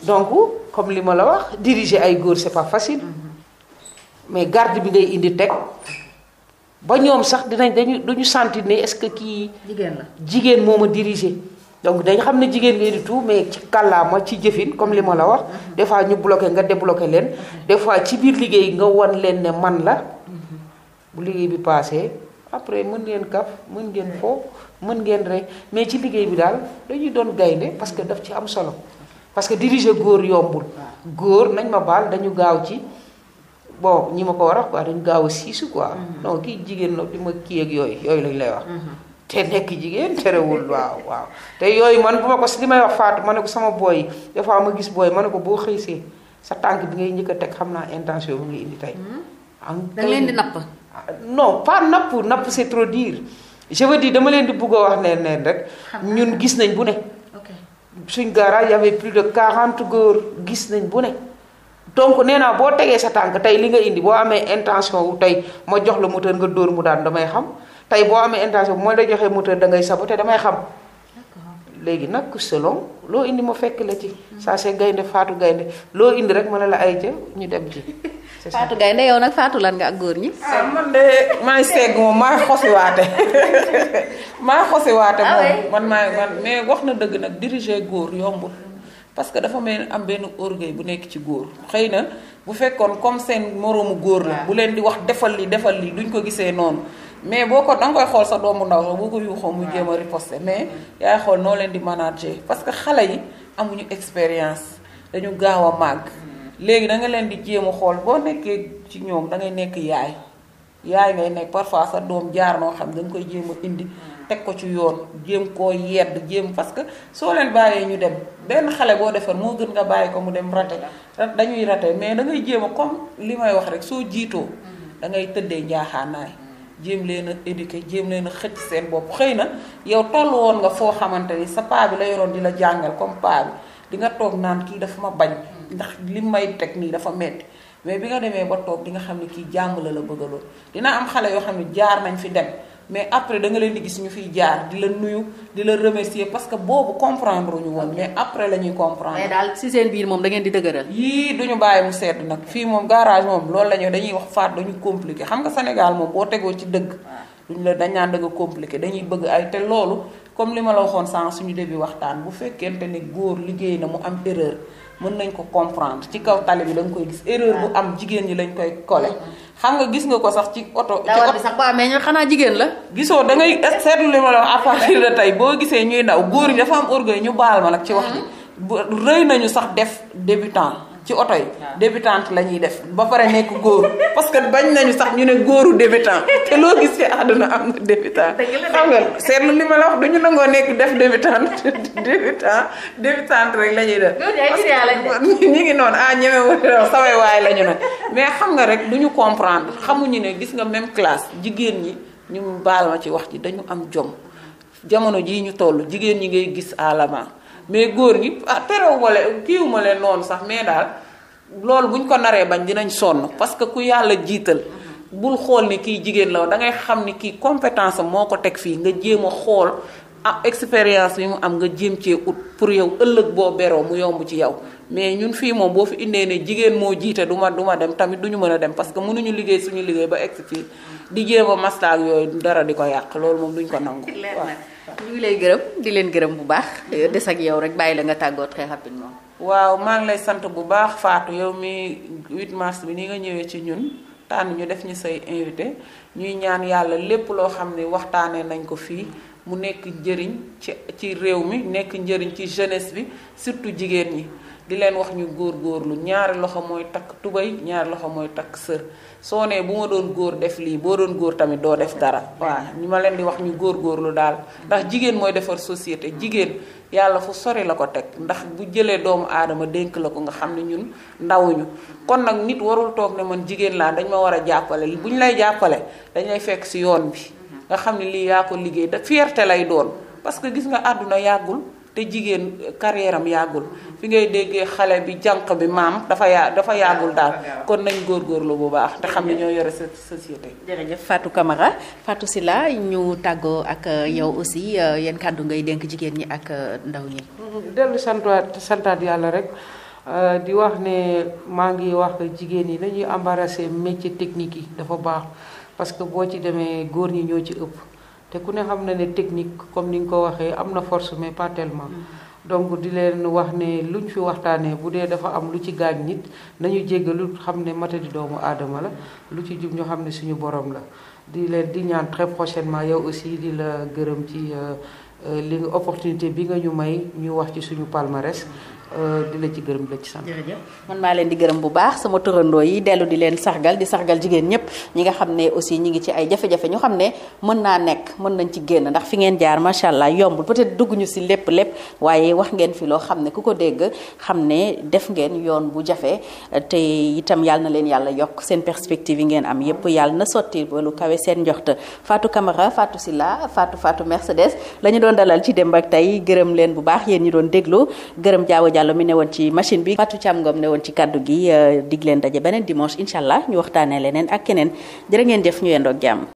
donc comme li ma la wax diriger ay góor c'est pas facile mm-hmm. mais garde bi ngay indi teg ba ñoom sax dinañ dañu duñu sentir ne est-ce que kii. jigéen la jigéen moo ma diriger. donc dañ xam ne jigéen ngay tout mais ci kàllaama ci jëfin comme li ma la wax. Mhm. defaa ñu bloqué nga débloqué leen. Mhm. des fois ci biir liggéey nga wan leen ne man la. Mhm. bu liggéey bi paasee après mën ngeen kaf mën ngeen fo mën ngeen rek mais ci liggéey bi daal dañuy doon gaynde parce que daf ci am solo. parce que diriger góor yombul. góor nañ ma baal dañu gaaw ci. bon ñi ma ko war a wax quoi dañ gaaw a siisu quoi. Mhm. non kii jigéen la di ma kii ak yooyu yooyu lañ lay wax. Mhm. te nekk jigéen terewul waaw waaw te yooyu man bu ma ko li may wax faat ma ne ko sama booy des fois ma gis booy ma ne ko boo xëy see sa tànk bi ngay njëkk a teg xam naa intention bi ngay indi tey. Mhm. am da leen di napp. Ah, non pas napp napp c'est trop dire je veux dire dama leen di bugg a wax neen neen rek. ñun gis nañ bu ne. suñ garage y avait plus de 40 góor gis nañ bu ne. donc nee naa boo tegee sa tànk tey li nga indi boo amee intention wu tey ma jox la moteur nga dóor mu daan damay xam tey boo amee intention bu ma day joxee moteur da ngay saboté damay xam léegi nag selon loo indi ma fekk la ci ça c'est faatu gaynde loo indi rek ma la ay jë ñu dem ci faatu gaynde yow nag faatu lan nga ak góor ñi ah man de maay segg moom maay xosiwaate maay xosiwaate ah moom man maay wax na dëgg nag diriger góor yombu parce que dafa mel am benn orgueil bu nekk ci góor xëy na bu fekkoon comme seen moroomu góor la bu leen di wax defal li defal li duñ ko gisee noonu mais boo ko danga koy xool sa doomu ndaw sax boo ko yuuxoo mu jéem a riposter mais yaay xool noo leen di manager parce que xale yi amuñu expérience dañu gaaw a màgg mm. léegi da nga leen di jéem a xool boo nekkee ci ñoom da ngay nekk yaay yaay ngay nekk parfois sa doom jaar noo xam da nga koy jéem a indi mm. teg ko ci yoon jéem koo yedd jéem parce que soo leen bàyyee ñu dem benn xale boo defar moo gën nga bàyyi ko mu dem rate dañuy rate mais da jéem a comme li may wax rek soo jiitoo mm. da ngay tëddee njaaxaanaay jéem leen a éduqué jéem leen a xëcc seen bopp xëy na yow toll woon nga foo xamante ni sa paa bi la yoroon di la jàngal comme paa bi di nga toog naan kii dafa ma bañ mm. ndax li may teg nii dafa metti mais bi nga demee ba toog di nga xam ne kii jàng la la bëggaloon dina am xale yoo xam ne jaar nañ fi dem mais après danga leen di gis ñu fiy jaar di la nuyu di la remercier parce que boobu comprendre ñu woon mais après la ñuy comprendre. daal si seen biir moom dangeen ngeen di dëgëral. yii duñu bàyyi mu sedd nag fii moom garage moom loolu la ñu dañuy wax faat dañu compliqué xam nga Sénégal moom boo tegoo ci dëgg. duñ la dañ naan dëgg compliqué dañuy bëgg ay te loolu comme li ma la waxoon sànq suñu bi waxtaan bu fekkente ne góor liggéey na mu am erreur mën nañ ko comprendre ci kaw tali bi da nga koy gis. erreur bu am jigéen ñi lañ koy collé. Mm-hmm. xam nga gis nga ko sax ci oto. ci oto sax waaw xanaa jigéen la. gisoo da ngay seetlu li ma la wax à tey boo gisee ñuy ndaw góor ñi dafa am orgueil ñu baal ma nag ci wax ji. bu rëy nañu sax def débutant. ci oto yi. débutante la ñuy def ba pare nekk góor parce que bañ nañu sax ñu ne góoru débutant te loo gis fi àdduna am na débutant. xam nga seetlu li ma la wax du ñu nangoo nekk def débutant débutant débutante rek la ñuy def. parce que ñu ngi noon ah ñeme saway waay la ñu nag mais xam nga rek du ñu comprendre xamuñu ne gis nga même classe jigéen ñi ñu baal ma ci wax ji dañu am jom jamono jii ñu toll jigéen ñi ngay gis à mais góor gi ah terewuma leen kiiwuma leen noonu sax mais daal loolu buñ ko naree bañ dinañ sonn parce que ku yàlla jiital. bul xool ni kii jigéen la da ngay xam ni kii compétence moo ko teg fii nga jéem a xool ah expérience bi mu am nga jéem cee ut pour yow ëllëg boo beroo mu yomb ci yow. mais ñun fii moom boo fi indee ne jigéen moo jiite duma duma dem tamit duñu mën a dem parce que mënuñu liggéey suñu liggéey ba egg fii di jéem a maslaak yooyu dara di ko yàq loolu moom duñ ko nangu. waaw ñu lay gërëm di leen gërëm bu baax. Mhm. des ak yow rek bàyyi la nga tàggoo très rapidement. waaw maa ngi lay sant bu baax faatu yow mii 8 mars bi ni nga ñëwee ci ñun tànn ñu def ñu say invité ñuy ñaan yàlla lépp loo xam ne waxtaanee nañ ko fii mu nekk njëriñ ci ci réew mi nekk njëriñ ci jeunesse bi surtout jigéen ñi di leen wax ñu góor góorgóorlu ñaari loxo mooy takk tubay ñaari loxo mooy takk sër. soo nee bu ma doon góor def lii boo doon góor tamit doo def dara waa ñu ma leen di wax ñu góor góorlu daal ndax jigéen mooy defar société jigéen yàlla fu sori la ko teg ndax bu jëlee doomu aadama dénk la ko nga xam ne ñun ndawuñu kon nag nit warul toog ne man jigéen laa dañ ma war a jàppale bu ñu lay jàppale dañ lay fekk si yoon bi mhm. nga xam ne lii yaa ko liggéey da fierté lay doon parce que gis nga àdduna yàggul te jigéen euh, carrière yàggul fi ngay déggee xale bi jànq bi maam dafa yaa dafa yàggul daal kon góor góorlu bu baax te xam ne ñoo yore sa société. kamara Fatou Camara Fatou Sylla ñu tàggoo ak euh, yow aussi euh, yéen kàddu ngay denk jigéen ñi ak ndaw ñi. Mm-hmm. dellu santaat santaat yàlla rek. di wax ne maa ngi wax jigéen ñi nañuy embarrassé métier technique yi dafa baax parce que boo ci demee góor ñi ñoo ci ëpp te ku ne xam na ne technique comme ni nga ko waxee am na force mais pas tellement. Mm. donc di leen wax ne luñ fi waxtaanee bu dee dafa am lu ci gaañ nit nañu jéggalu xam ne matadi doomu aadama la lu ci jub ñu xam ne suñu borom la di leen di ñaan très prochainement yow aussi di la gërëm ci euh, euh, li nga opportunité bi nga ñu may ñu wax ci suñu palmarès Euh, di la ci gërëm ci sant. jërëjëf man maa leen di gërëm bu baax sama tërandoo yi dellu di leen sargal di sargal jigéen ñëpp ñi nga xam ne aussi ñi ngi ci ay jafe-jafe ñu xam ne mën naa nekk mën nañ ci génn ndax fi ngeen jaar macha allah yombul peut-être dugg ñu si lépp lépp waaye wax ngeen fi loo xam ne ku ko dégg xam ne def ngeen yoon bu jafe te itam yal na leen yàlla yokk seen perspective yi ngeen am yëpp yàlla na sotti ba lu kawe seen njoxta Fatou Camara Fatou Silla Fatou Fatou Mercedes la ñu doon dalal ci démb ak tey gërëm leen bu baax yéen ñi doon déglu Diallo mi ne woon ci machine bi Fatou Thiam Ngom ne woon ci kaddu gi euh, dig leen daje beneen dimanche incha allah ñu waxtaanee leneen ak keneen jërë ngeen jëf ñu yendoog jàmm